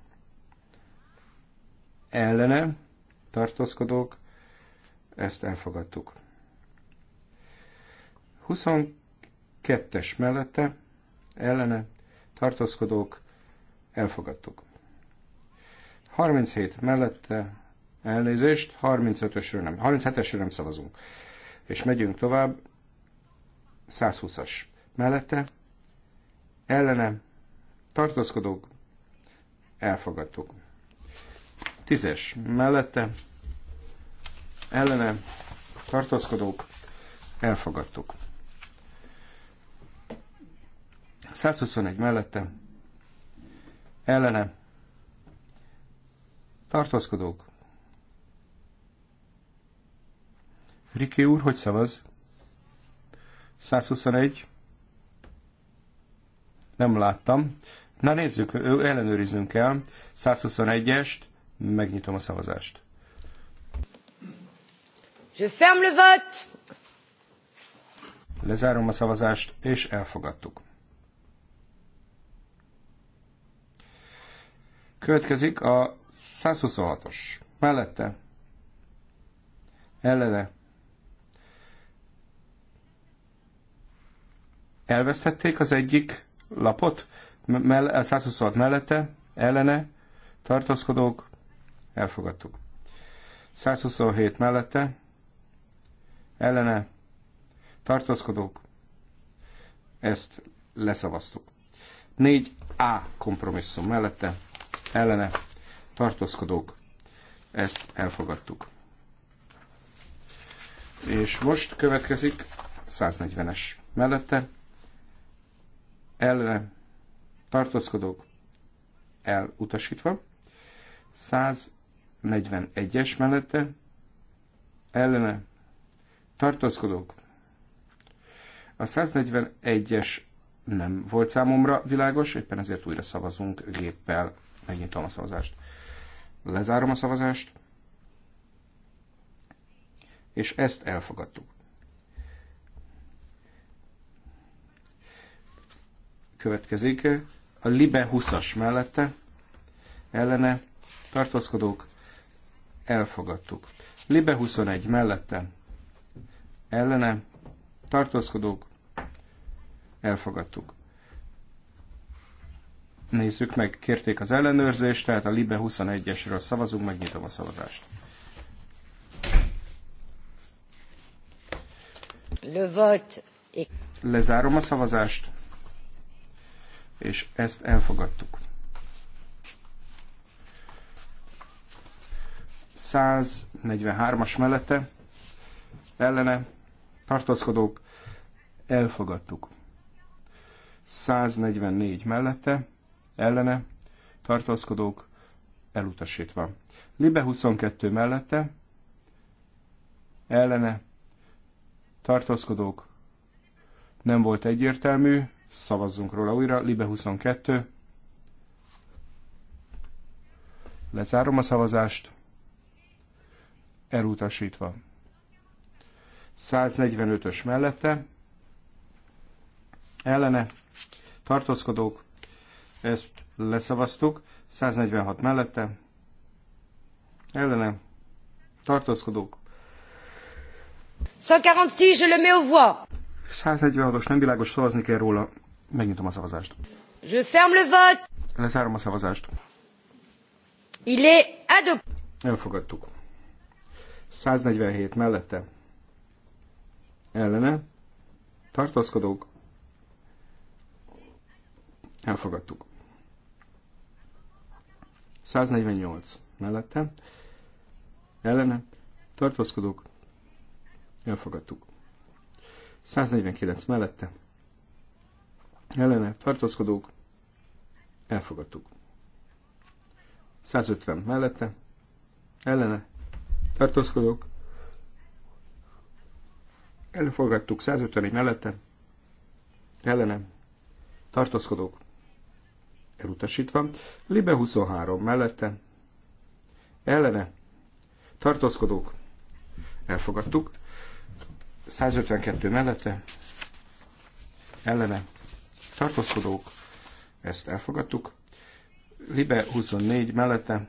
Ellene, tartózkodók, ezt elfogadtuk. 22-es mellette, ellene, tartózkodók, elfogadtuk. 37 mellette, elnézést, 35-ösről nem, 37-esről nem szavazunk. És megyünk tovább, 120-as mellette, ellene, tartózkodók, elfogadtuk. Tízes mellette, ellene, tartózkodók, elfogadtuk. 121 mellette, ellene, tartózkodók. Riki úr, hogy szavaz? 121. Nem láttam. Na nézzük, ellenőriznünk kell. 121-est, megnyitom a szavazást. Je ferme le vote. Lezárom a szavazást, és elfogadtuk. Következik a 126-os. Mellette. Ellene. Elvesztették az egyik lapot, 126 mellette, ellene, tartózkodók, elfogadtuk. 127 mellette, ellene, tartózkodók, ezt leszavaztuk. 4A kompromisszum mellette, ellene, tartózkodók, ezt elfogadtuk. És most következik 140-es mellette, ellene, tartózkodók elutasítva, 141-es mellette ellene tartózkodók. A 141-es nem volt számomra világos, éppen ezért újra szavazunk géppel. Megnyitom a szavazást. Lezárom a szavazást. És ezt elfogadtuk. Következik a Libe 20-as mellette, ellene tartózkodók, elfogadtuk. Libe 21 mellette, ellene tartózkodók, elfogadtuk. Nézzük meg, kérték az ellenőrzést, tehát a Libe 21-esről szavazunk, megnyitom a szavazást. Le vote Lezárom a szavazást és ezt elfogadtuk. 143-as mellette ellene tartózkodók elfogadtuk. 144 mellette ellene tartózkodók elutasítva. Libe 22 mellette ellene tartózkodók nem volt egyértelmű, szavazzunk róla újra. Libe 22. Lezárom a szavazást. Elutasítva. 145-ös mellette. Ellene. Tartózkodók. Ezt leszavaztuk. 146 mellette. Ellene. Tartózkodók. 146, je le mets au voix. 146-os nem világos szavazni kell róla. Megnyitom a szavazást. Je ferme le vote. Lezárom a szavazást. Il est adopté. Elfogadtuk. 147 mellette. Ellene. Tartaszkodók. Elfogadtuk. 148 mellette. Ellene. Tartózkodók. Elfogadtuk. 149 mellette ellene tartózkodók, elfogadtuk. 150 mellette, ellene tartózkodók, elfogadtuk 151 mellette, ellene tartózkodók, elutasítva, Libe 23 mellette, ellene tartózkodók, elfogadtuk, 152 mellette, ellene tartózkodók, ezt elfogadtuk. Libe 24 mellette,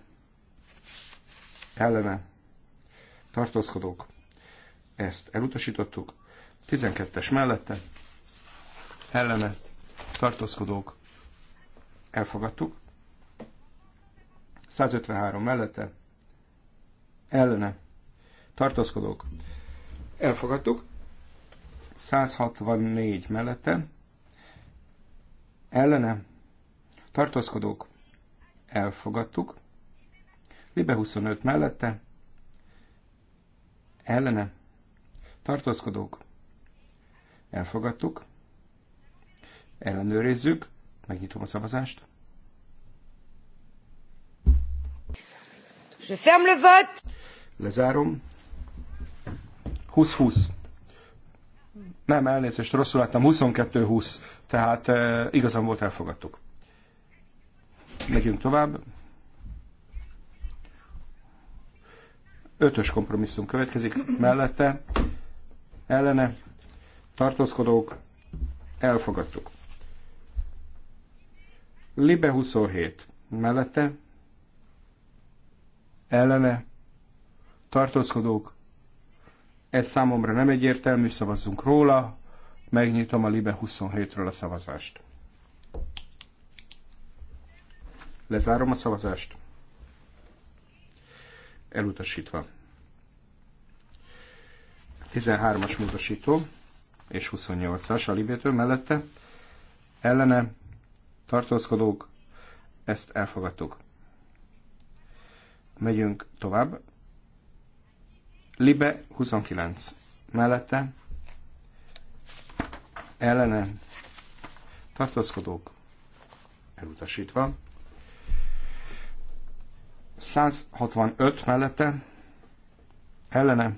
ellene, tartózkodók, ezt elutasítottuk. 12-es mellette, ellene, tartózkodók, elfogadtuk. 153 mellette, ellene, tartózkodók, elfogadtuk. 164 mellette, ellene tartózkodók elfogadtuk, Libe 25 mellette ellene tartózkodók elfogadtuk, ellenőrizzük, megnyitom a szavazást. Je ferme le vote. Lezárom. 20-20. Nem, elnézést, rosszul láttam, 22-20, tehát e, igazán volt, elfogadtuk. Megyünk tovább. Ötös kompromisszum következik mellette, ellene, tartózkodók, elfogadtuk. Libe 27 mellette, ellene, tartózkodók, ez számomra nem egyértelmű, szavazzunk róla. Megnyitom a Libe 27-ről a szavazást. Lezárom a szavazást. Elutasítva. 13-as módosító és 28-as a Libétől mellette. Ellene tartózkodók, ezt elfogadtuk. Megyünk tovább. Libe 29 mellette ellene tartózkodók elutasítva. 165 mellette ellene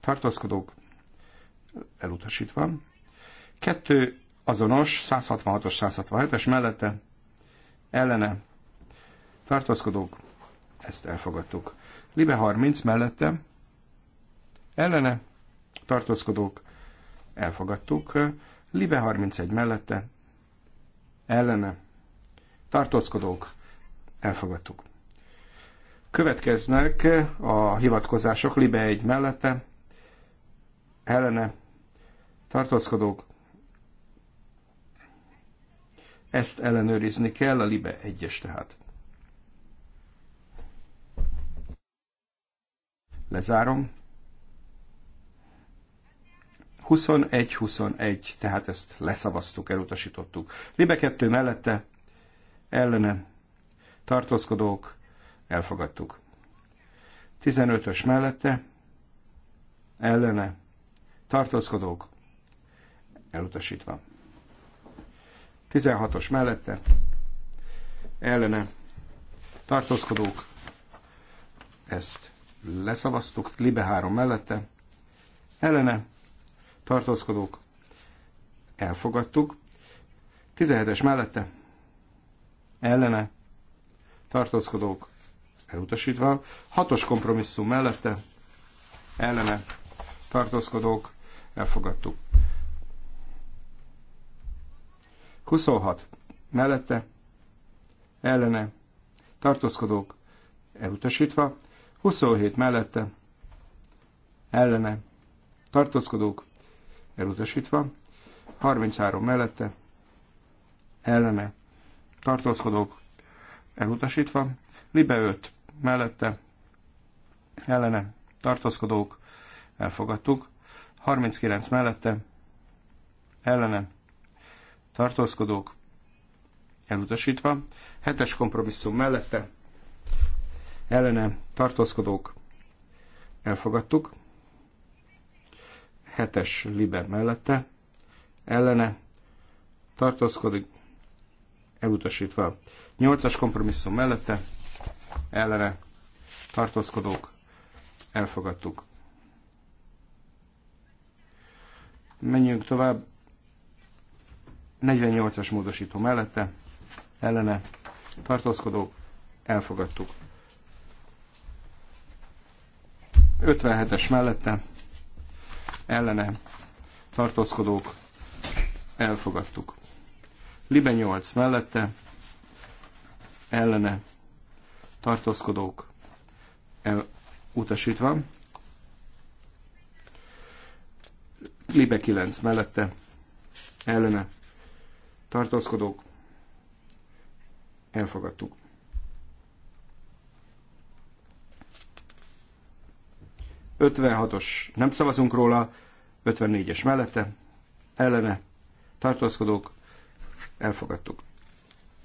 tartózkodók elutasítva. Kettő azonos 166-os 167-es mellette ellene tartózkodók ezt elfogadtuk. Libe 30 mellette ellene tartózkodók elfogadtuk, Libe 31 mellette ellene tartózkodók elfogadtuk. Következnek a hivatkozások Libe 1 mellette ellene tartózkodók ezt ellenőrizni kell, a Libe 1-es tehát. Lezárom. 21-21, tehát ezt leszavaztuk, elutasítottuk. Libe 2 mellette, ellene, tartózkodók, elfogadtuk. 15-ös mellette, ellene, tartózkodók, elutasítva. 16-os mellette, ellene, tartózkodók, ezt leszavaztuk, Libe 3 mellette, ellene, tartózkodók, elfogadtuk. 17-es mellette, ellene, tartózkodók, elutasítva. 6-os kompromisszum mellette, ellene, tartózkodók, elfogadtuk. 26. Mellette, ellene, tartózkodók, elutasítva. 27. Mellette, ellene, tartózkodók, elutasítva, 33 mellette, ellene, tartózkodók, elutasítva, libe 5 mellette, ellene, tartózkodók, elfogadtuk, 39 mellette, ellene, tartózkodók, elutasítva, 7-es kompromisszum mellette, ellene, tartózkodók, elfogadtuk, hetes libe mellette, ellene tartózkodik, elutasítva. Nyolcas kompromisszum mellette, ellene tartózkodók, elfogadtuk. Menjünk tovább. 48-as módosító mellette, ellene tartózkodók, elfogadtuk. 57-es mellette, ellene tartózkodók elfogadtuk. Libe 8 mellette ellene tartózkodók elutasítva. Libe 9 mellette ellene tartózkodók elfogadtuk. 56-os nem szavazunk róla, 54-es mellette, ellene, tartózkodók, elfogadtuk.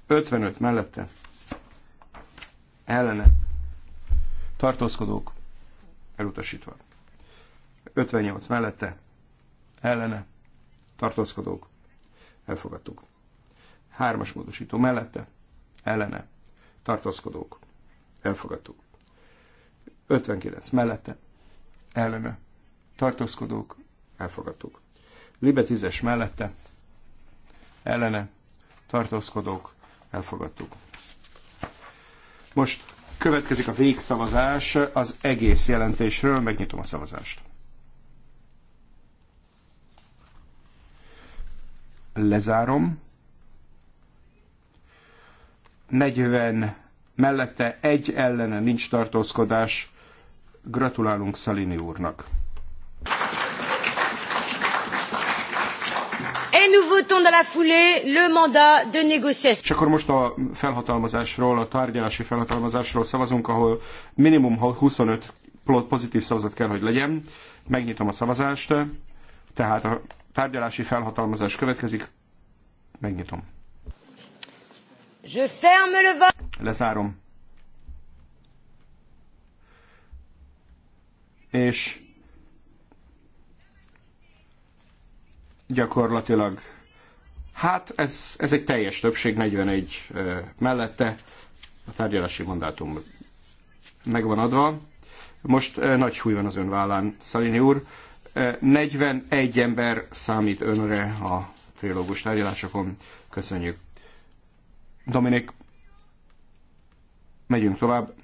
55 mellette, ellene, tartózkodók, elutasítva. 58 mellette, ellene, tartózkodók, elfogadtuk. Hármas módosító mellette, ellene, tartózkodók, elfogadtuk. 59 mellette, ellene tartózkodók elfogadtuk. Libe tízes mellette ellene tartózkodók elfogadtuk. Most következik a végszavazás az egész jelentésről, megnyitom a szavazást. Lezárom. 40 mellette egy ellene nincs tartózkodás. Gratulálunk Salini úrnak. Et nous votons dans la foulée le mandat de négociation. És akkor most a felhatalmazásról, a tárgyalási felhatalmazásról szavazunk, ahol minimum 25 pozitív szavazat kell, hogy legyen. Megnyitom a szavazást, tehát a tárgyalási felhatalmazás következik. Megnyitom. Je ferme le vote. Lezárom. és gyakorlatilag hát ez, ez egy teljes többség, 41 mellette a tárgyalási mandátum megvan adva. Most nagy súly van az ön vállán, Szalini úr. 41 ember számít önre a trilógus tárgyalásokon. Köszönjük. Dominik, megyünk tovább.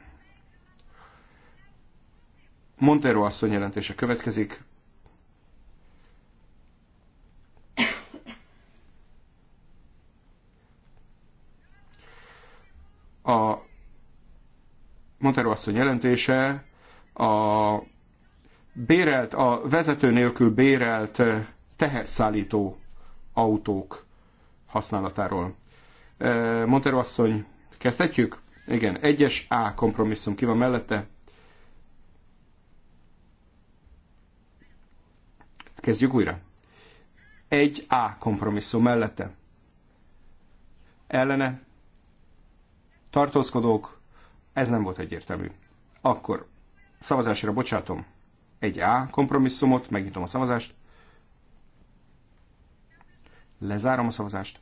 Montero asszony jelentése következik. A Montero asszony jelentése a bérelt, a vezető nélkül bérelt teherszállító autók használatáról. Montero asszony, kezdhetjük? Igen, egyes A kompromisszum ki van mellette? Kezdjük újra. 1A kompromisszum mellette. Ellene. Tartózkodók. Ez nem volt egyértelmű. Akkor szavazásra bocsátom 1A kompromisszumot, megnyitom a szavazást. Lezárom a szavazást.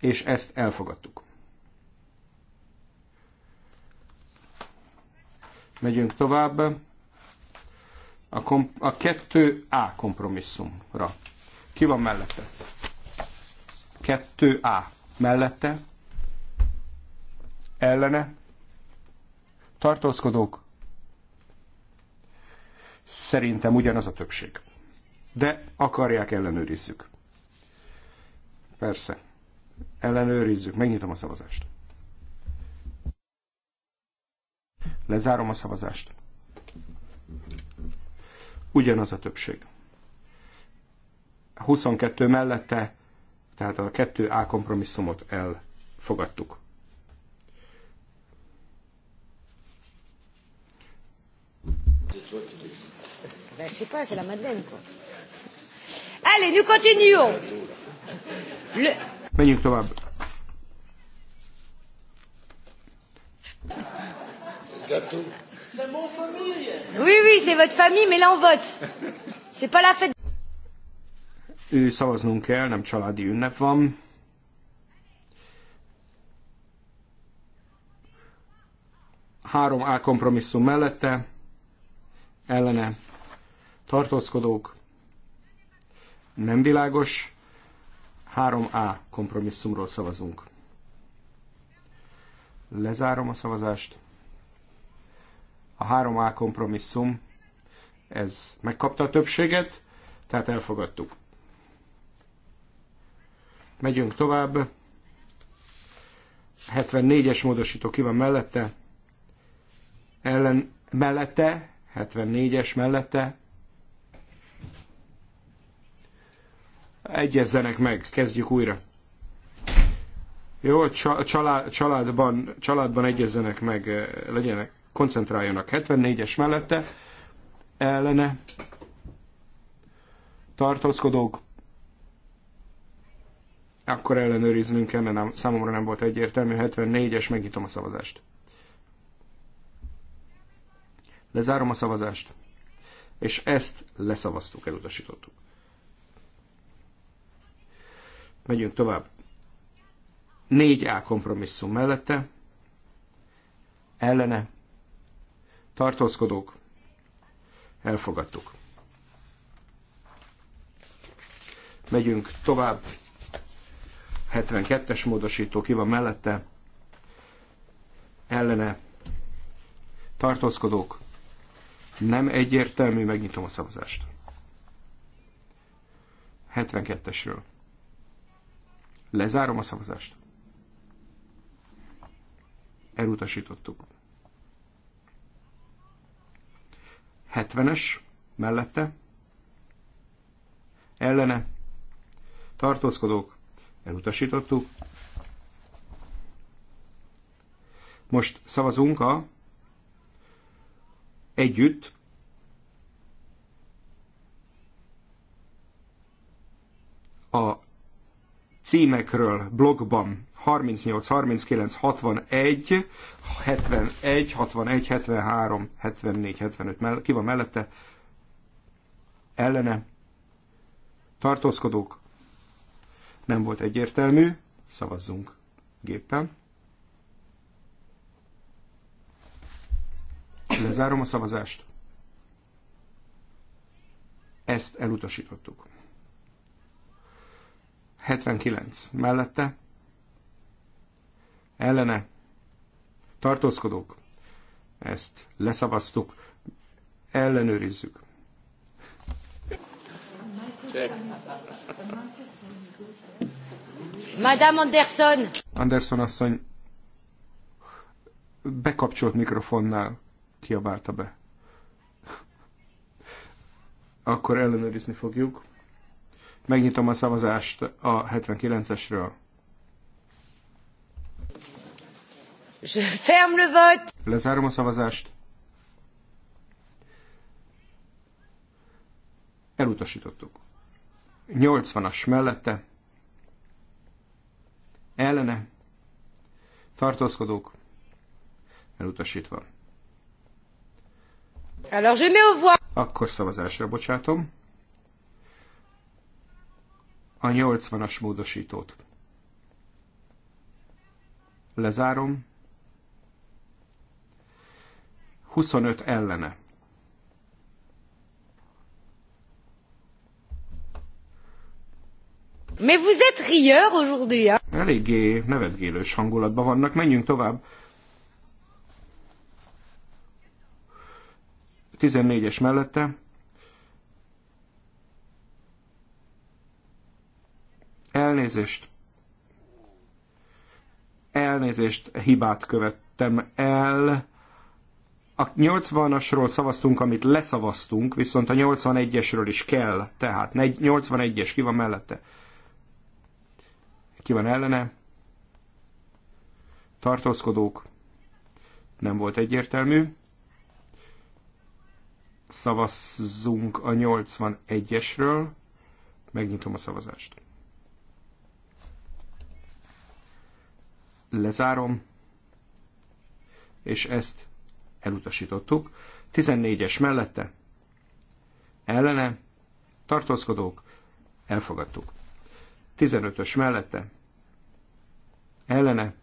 És ezt elfogadtuk. Megyünk tovább. A, kom- a 2A kompromisszumra. Ki van mellette? 2A mellette, ellene, tartózkodók, szerintem ugyanaz a többség. De akarják, ellenőrizzük. Persze. Ellenőrizzük. Megnyitom a szavazást. Lezárom a szavazást ugyanaz a többség. 22 mellette, tehát a 2A kompromisszumot elfogadtuk. Ben, je sais pas, c'est la Madeleine, quoi. Allez, nous continuons. Le... Menjünk tovább. Gâteau. Oui, oui, c'est votre famille, mais là on vote. C'est pas la fête. Ő szavaznunk kell, nem családi ünnep van. Három A kompromisszum mellette, ellene tartózkodók, nem világos, három a kompromisszumról szavazunk. Lezárom a szavazást. A 3A kompromisszum, ez megkapta a többséget, tehát elfogadtuk. Megyünk tovább. 74-es módosító ki van mellette. Ellen, mellette, 74-es mellette. Egyezzenek meg, kezdjük újra. Jó, csa, családban, családban egyezzenek meg, eh, legyenek, koncentráljanak. 74-es mellette ellene tartózkodók, akkor ellenőriznünk kell, mert számomra nem volt egyértelmű. 74-es, megnyitom a szavazást. Lezárom a szavazást, és ezt leszavaztuk, elutasítottuk. Megyünk tovább. 4A kompromisszum mellette, ellene tartózkodók, elfogadtuk. Megyünk tovább. 72-es módosító ki van mellette, ellene tartózkodók, nem egyértelmű, megnyitom a szavazást. 72-esről. Lezárom a szavazást. Elutasítottuk. 70-es mellette, ellene, tartózkodók, elutasítottuk. Most szavazunk a együtt a címekről blogban 38, 39, 61, 71, 61, 73, 74, 75. Ki van mellette? Ellene. Tartózkodók. Nem volt egyértelmű. Szavazzunk géppen. Lezárom a szavazást. Ezt elutasítottuk. 79 mellette ellene tartózkodók, ezt leszavaztuk, ellenőrizzük. Check. Madame Anderson! Anderson asszony bekapcsolt mikrofonnál kiabálta be. Akkor ellenőrizni fogjuk. Megnyitom a szavazást a 79-esről. Je ferme le vote. Lezárom a szavazást. Elutasítottuk. 80-as mellette. Ellene. Tartózkodók. Elutasítva. Alors je mets au voix. Akkor szavazásra bocsátom. A 80-as módosítót. Lezárom. 25 ellene. Mais vous êtes rieur aujourd'hui, hein? Eléggé nevetgélős hangulatban vannak, menjünk tovább. 14-es mellette. Elnézést. Elnézést, hibát követtem el. A 80-asról szavaztunk, amit leszavaztunk, viszont a 81-esről is kell, tehát 81-es ki van mellette? Ki van ellene? Tartózkodók? Nem volt egyértelmű. Szavazzunk a 81-esről. Megnyitom a szavazást. Lezárom, és ezt elutasítottuk. 14-es mellette, ellene, tartózkodók, elfogadtuk. 15-ös mellette, ellene,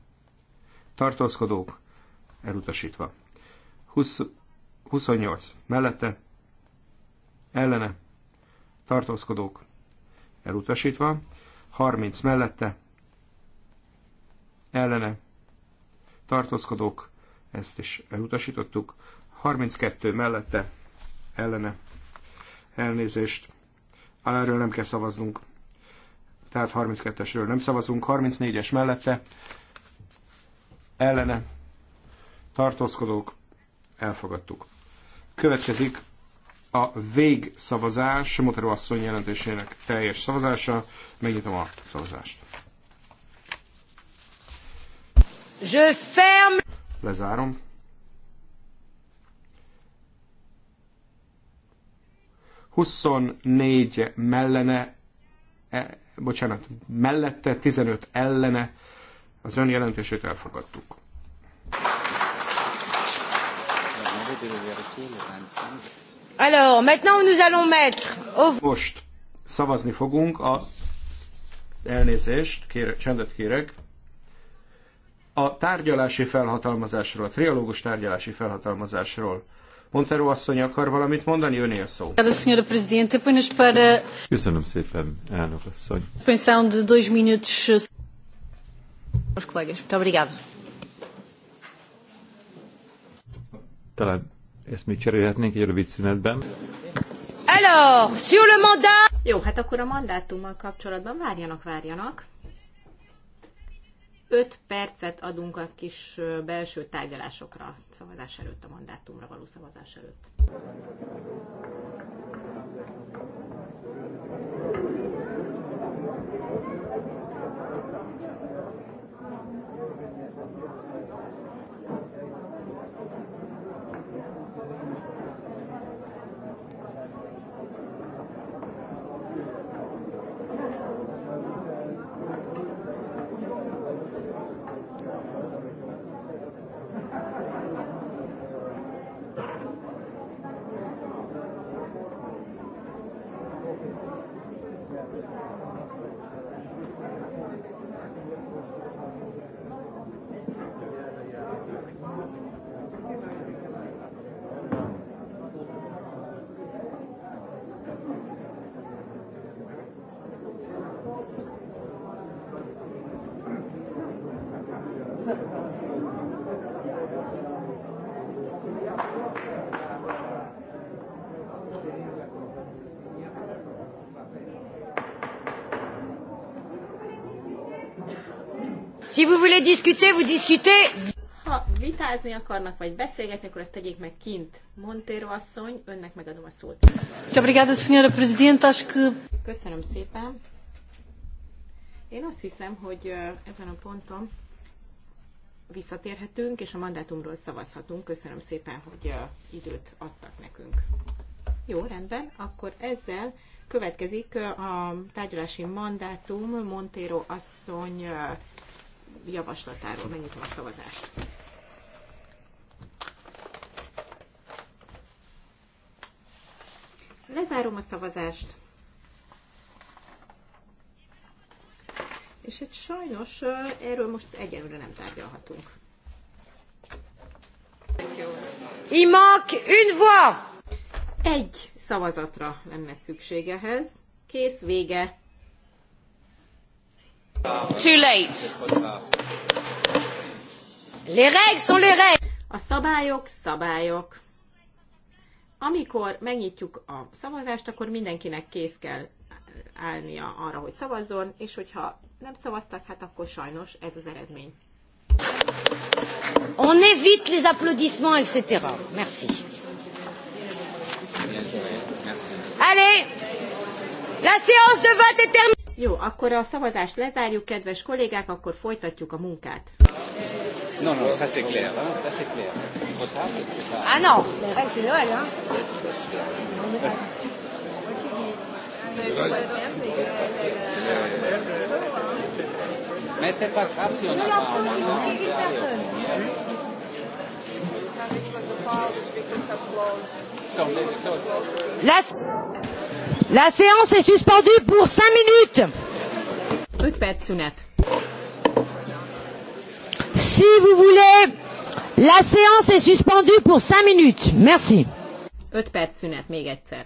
tartózkodók, elutasítva. 20, 28 mellette, ellene, tartózkodók, elutasítva. 30 mellette, ellene, tartózkodók, ezt is elutasítottuk. 32 mellette ellene elnézést. Erről nem kell szavaznunk. Tehát 32-esről nem szavazunk. 34-es mellette ellene tartózkodók elfogadtuk. Következik a végszavazás, Motero asszony jelentésének teljes szavazása. Megnyitom a szavazást. Je ferme Lezárom. Huszonnégy mellene, e, bocsánat, mellette, 15 ellene az ön jelentését elfogadtuk. Alors, maintenant nous allons mettre au... Most szavazni fogunk a elnézést, kérek, csendet kérek a tárgyalási felhatalmazásról, a trialógus tárgyalási felhatalmazásról. Montero asszony akar valamit mondani, önél szó. Köszönöm szépen, elnök asszony. Talán ezt még cserélhetnénk egy rövid szünetben. Alors, sur le mandat... Jó, hát akkor a mandátummal kapcsolatban várjanak, várjanak. 5 percet adunk a kis belső tárgyalásokra szavazás előtt, a mandátumra való szavazás előtt. Si vous voulez discuter, vous discutez. Ha vitázni akarnak, vagy beszélgetni, akkor ezt tegyék meg kint. Montero asszony, önnek megadom a szót. Obrigada, senhora presidente. Köszönöm szépen. Én azt hiszem, hogy ezen a ponton visszatérhetünk, és a mandátumról szavazhatunk. Köszönöm szépen, hogy időt adtak nekünk. Jó, rendben. Akkor ezzel következik a tárgyalási mandátum Montero asszony javaslatáról. Megnyitom a szavazást. Lezárom a szavazást. És hát sajnos erről most egyenlőre nem tárgyalhatunk. Imak manque une Egy szavazatra lenne szükségehez. Kész, vége. Too late. A szabályok, szabályok. Amikor megnyitjuk a szavazást, akkor mindenkinek kész kell állnia arra, hogy szavazzon, és hogyha nem szavaztak, hát akkor sajnos ez az eredmény. On évite les applaudissements, etc. Merci. Allez, la séance de vote est terminée. Jó, akkor a szavazást lezárjuk, kedves kollégák, akkor folytatjuk a munkát. No, no, ça c'est clair, hein? ça c'est clair. Ah non, c'est Noël, hein? Mais c'est pas grave si on pas un Let's La séance est suspendue pour 5 minutes. 5 perc szünet. Si vous voulez, la séance est suspendue pour 5 minutes. Merci. 5 perc szünet még egyszer.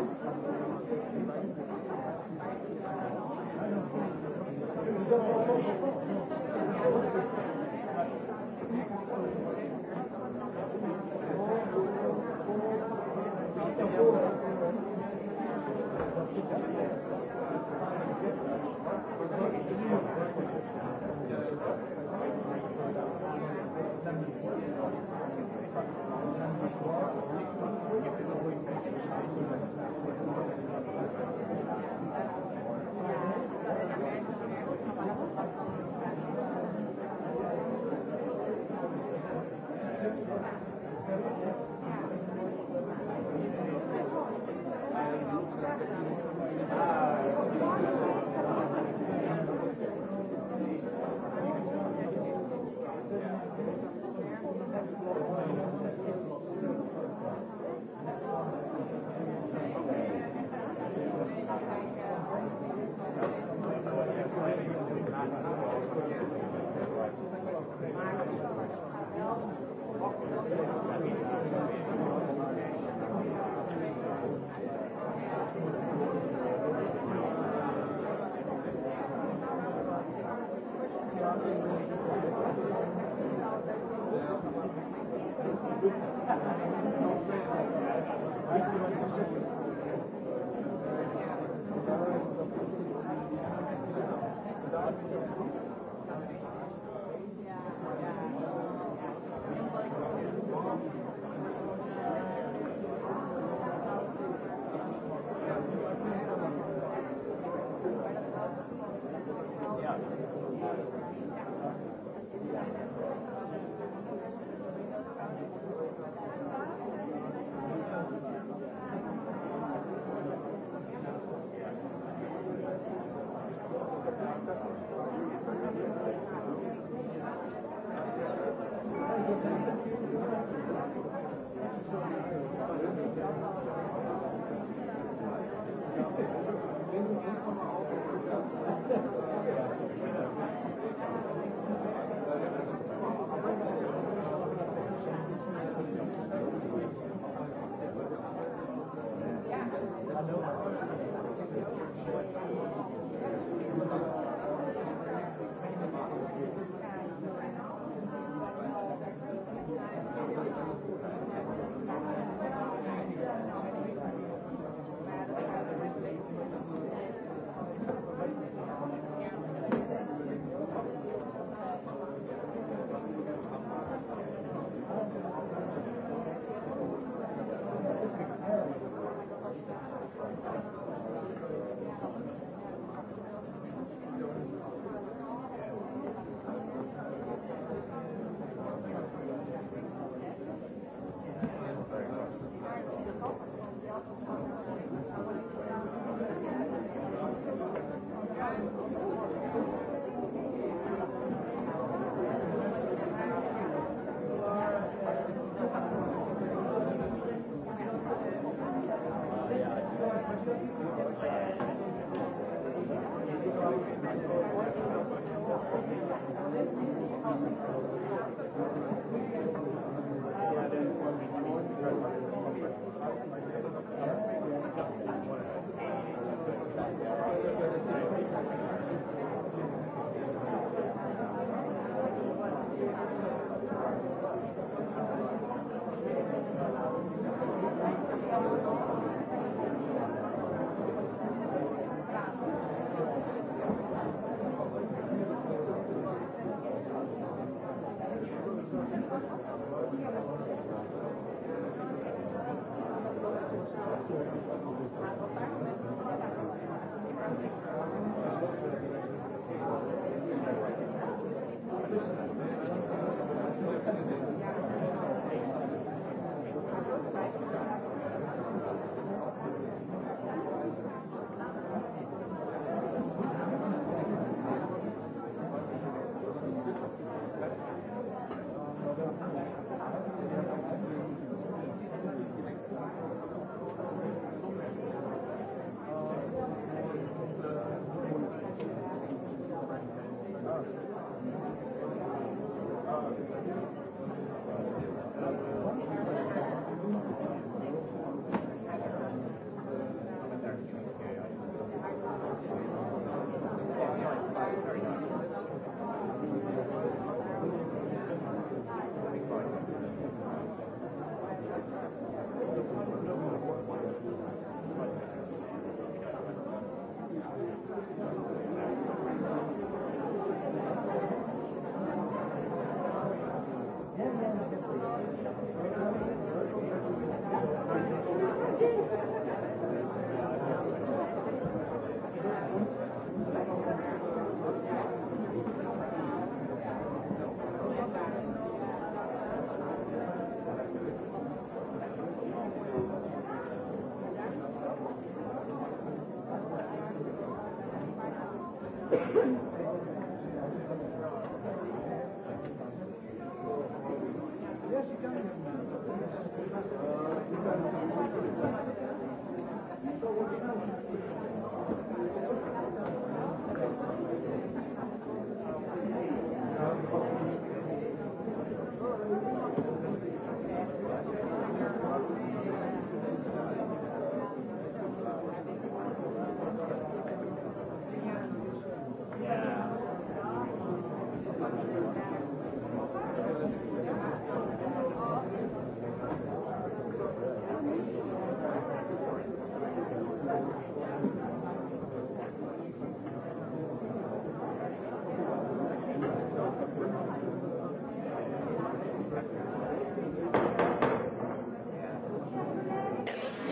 Thank you.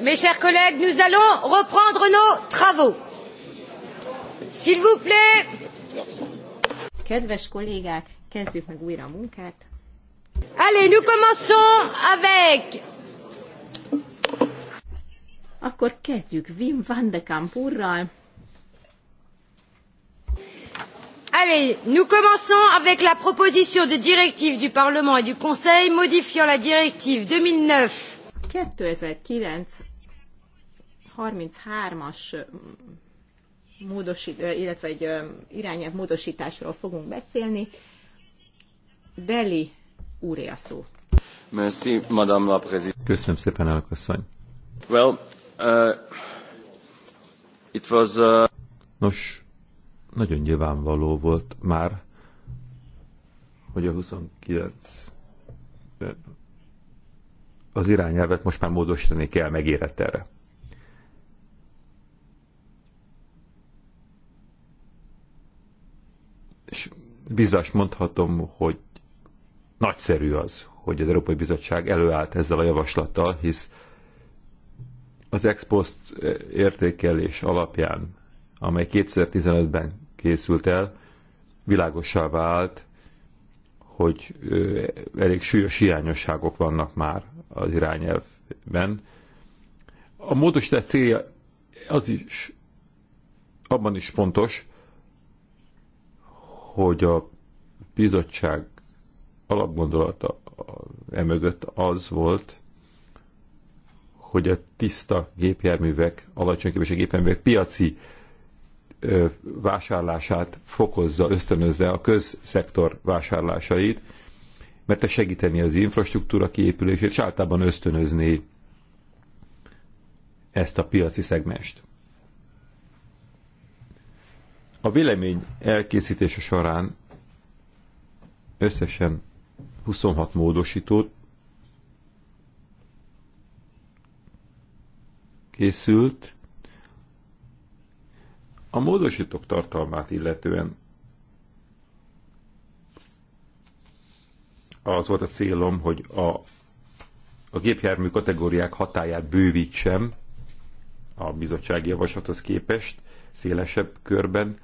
Mes chers collègues, nous allons reprendre nos travaux. S'il vous plaît. Kedves kollégák, kezdjük meg újra a munkát. Allez, nous commençons avec... Akkor kezdjük Wim van de Kamp úrral. Allez, nous commençons avec la proposition de directive du Parlement et du Conseil modifiant la directive 2009 2009 33-as módosít, illetve egy irányelv módosításról fogunk beszélni. Deli úré a szó. Merci, Madame la Présidente. Köszönöm szépen, elnök asszony. Well, uh, it was... Uh... Nos, nagyon nyilvánvaló volt már, hogy a 29 az irányelvet most már módosítani kell, megérett erre. bizvás mondhatom, hogy nagyszerű az, hogy az Európai Bizottság előállt ezzel a javaslattal, hisz az expost értékelés alapján, amely 2015-ben készült el, világosá vált, hogy elég súlyos hiányosságok vannak már az irányelvben. A módosítás célja az is abban is fontos, hogy a bizottság alapgondolata emögött az volt, hogy a tiszta gépjárművek, alacsony képességű gépjárművek piaci ö, vásárlását fokozza, ösztönözze a közszektor vásárlásait, mert te segíteni az infrastruktúra kiépülését, és általában ösztönözni ezt a piaci szegmest. A vélemény elkészítése során összesen 26 módosítót készült. A módosítók tartalmát illetően az volt a célom, hogy a, a gépjármű kategóriák hatáját bővítsem a bizottsági javaslathoz képest szélesebb körben,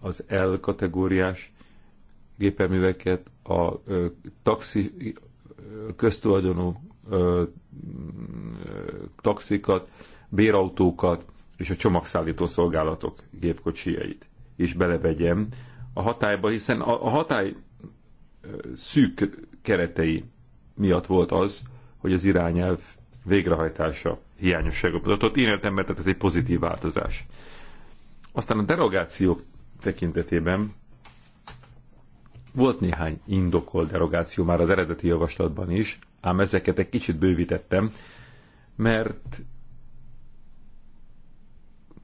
az L kategóriás gépjárműveket, a ö, taxi köztulajdonú ö, taxikat, bérautókat és a csomagszállító szolgálatok gépkocsijait is belevegyem a hatályba, hiszen a, a hatály szűk keretei miatt volt az, hogy az irányelv végrehajtása hiányosságot mutatott. Én értem, mert ez egy pozitív változás. Aztán a derogációk tekintetében volt néhány indokol derogáció már az eredeti javaslatban is, ám ezeket egy kicsit bővítettem, mert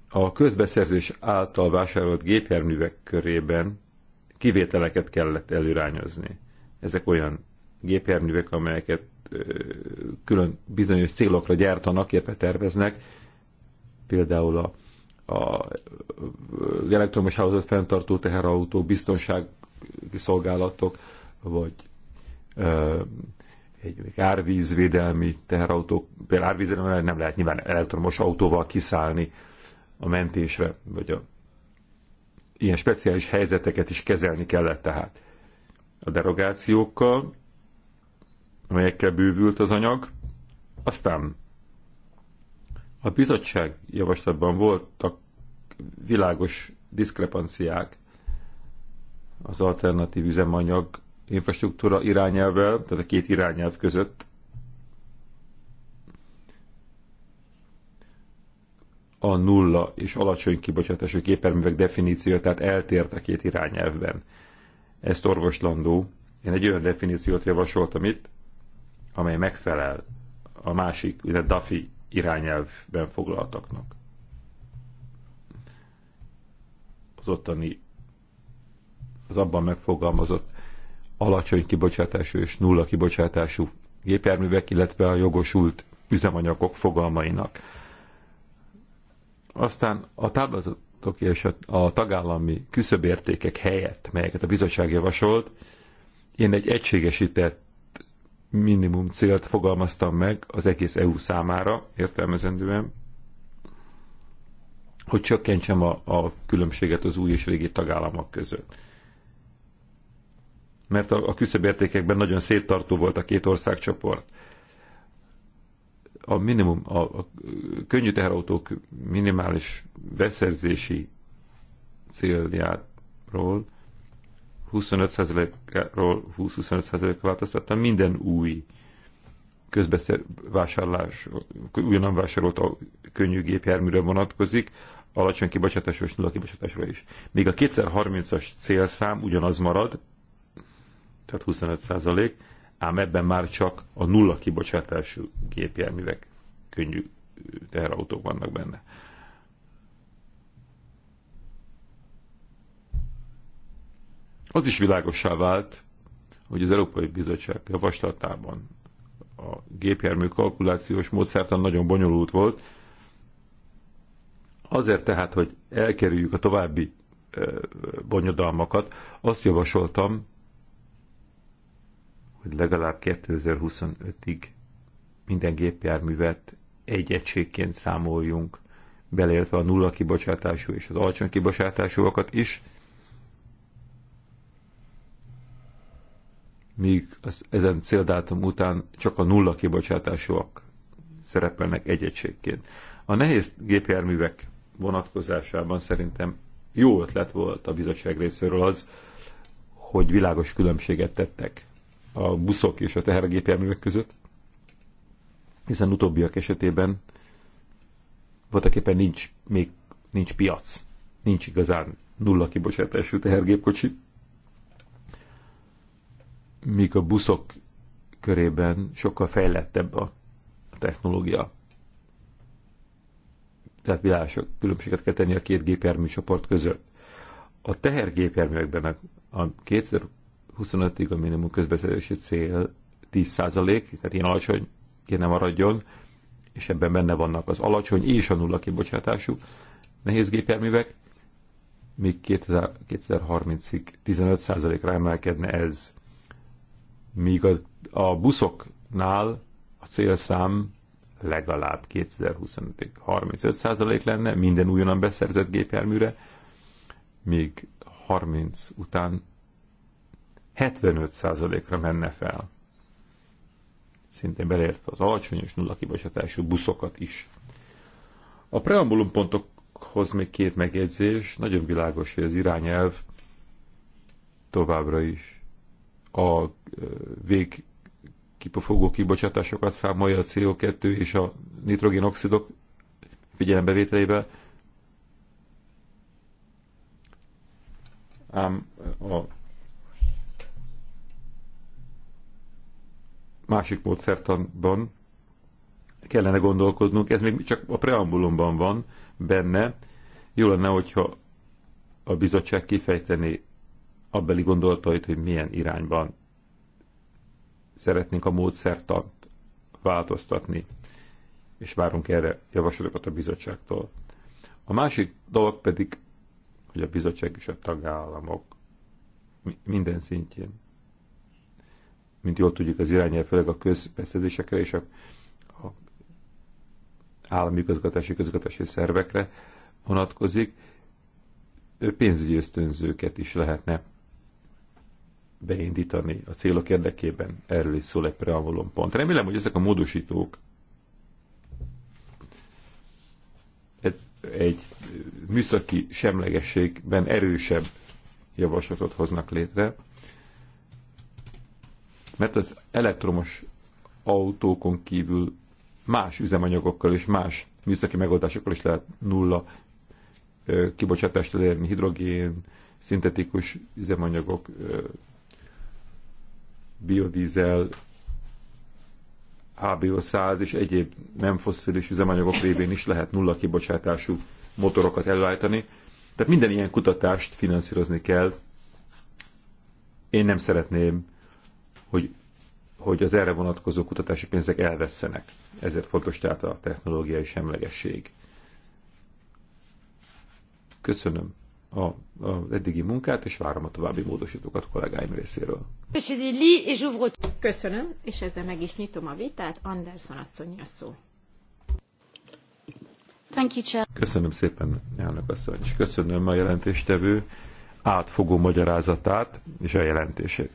a közbeszerzés által vásárolt gépjárművek körében kivételeket kellett előrányozni. Ezek olyan gépjárművek, amelyeket külön bizonyos célokra gyártanak, illetve terveznek, például a a elektromos hálózat fenntartó teherautó, biztonsági szolgálatok, vagy ö, egy árvízvédelmi teherautók, például árvízvédelmi nem lehet nyilván elektromos autóval kiszállni a mentésre, vagy a ilyen speciális helyzeteket is kezelni kellett tehát. A derogációkkal, amelyekkel bővült az anyag, aztán a bizottság javaslatban voltak világos diszkrepanciák az alternatív üzemanyag infrastruktúra irányelvvel, tehát a két irányelv között. A nulla és alacsony kibocsátású képerművek definíciója, tehát eltért a két irányelvben. Ezt orvoslandó. Én egy olyan definíciót javasoltam itt, amely megfelel a másik, ugye Duffy irányelvben foglaltaknak. Az ottani, az abban megfogalmazott alacsony kibocsátású és nulla kibocsátású gépjárművek, illetve a jogosult üzemanyagok fogalmainak. Aztán a táblázatok és a tagállami küszöbértékek helyett, melyeket a bizottság javasolt, én egy egységesített minimum célt fogalmaztam meg az egész EU számára, értelmezendően, hogy csökkentsem a, a különbséget az új és régi tagállamok között. Mert a, a küszöbértékekben nagyon széttartó volt a két országcsoport. A minimum, a, a könnyű teherautók minimális beszerzési céljáról 25%-ról 20-25%-ra változtattam minden új közbeszer vásárlás, újonnan vásárolt a könnyű gépjárműre vonatkozik, alacsony kibocsátásra és nulla kibocsátásra is. Még a 2030-as célszám ugyanaz marad, tehát 25 ám ebben már csak a nulla kibocsátású gépjárművek könnyű teherautók vannak benne. Az is világosá vált, hogy az Európai Bizottság javaslatában a gépjármű kalkulációs módszertan nagyon bonyolult volt. Azért tehát, hogy elkerüljük a további bonyodalmakat, azt javasoltam, hogy legalább 2025-ig minden gépjárművet egy egységként számoljunk, beleértve a nulla kibocsátású és az alacsony kibocsátásúakat is, míg az, ezen céldátum után csak a nulla kibocsátásúak szerepelnek egy egységként. A nehéz gépjárművek vonatkozásában szerintem jó ötlet volt a bizottság részéről az, hogy világos különbséget tettek a buszok és a tehergépjárművek között, hiszen utóbbiak esetében voltak éppen nincs, még nincs piac, nincs igazán nulla kibocsátású tehergépkocsi, míg a buszok körében sokkal fejlettebb a technológia. Tehát világos különbséget kell tenni a két gépjármű csoport között. A tehergépjárművekben a 2025-ig a minimum közbeszerzési cél 10%, tehát ilyen alacsony kéne maradjon, és ebben benne vannak az alacsony és a nulla kibocsátású nehéz gépjárművek, míg 2030-ig 15%-ra emelkedne ez míg a, a buszoknál a célszám legalább 2025-ig 35% lenne minden újonnan beszerzett gépjárműre, míg 30 után 75%-ra menne fel. Szintén beleértve az alacsony és nulla kibocsátású buszokat is. A preambulum pontokhoz még két megjegyzés. Nagyon világos, hogy az irányelv továbbra is a végkipufogó kibocsátásokat számolja a CO2 és a nitrogénoxidok figyelembevételébe, ám a másik módszertanban kellene gondolkodnunk, ez még csak a preambulumban van benne, jó lenne, hogyha a bizottság kifejteni abbeli gondolatait, hogy milyen irányban szeretnénk a módszertant változtatni, és várunk erre javaslatokat a bizottságtól. A másik dolog pedig, hogy a bizottság és a tagállamok minden szintjén, mint jól tudjuk az irányel, főleg a közbeszedésekre és a, a állami közgatási, közgatási szervekre vonatkozik, pénzügyi ösztönzőket is lehetne beindítani a célok érdekében. Erről is szól egy preambulum pont. Remélem, hogy ezek a módosítók egy műszaki semlegességben erősebb javaslatot hoznak létre, mert az elektromos autókon kívül más üzemanyagokkal és más műszaki megoldásokkal is lehet nulla kibocsátást elérni, hidrogén, szintetikus üzemanyagok, biodízel, HBO 100 és egyéb nem foszilis üzemanyagok révén is lehet nulla kibocsátású motorokat előállítani. Tehát minden ilyen kutatást finanszírozni kell. Én nem szeretném, hogy, hogy az erre vonatkozó kutatási pénzek elvesztenek. Ezért fontos tehát a technológiai semlegesség. Köszönöm a, a eddigi munkát, és várom a további módosítókat kollégáim részéről. Köszönöm, és ezzel meg is nyitom a vitát. Anderson asszony a szó. Thank you, Chair. Köszönöm szépen, elnök asszony, és köszönöm a jelentéstevő átfogó magyarázatát és a jelentését.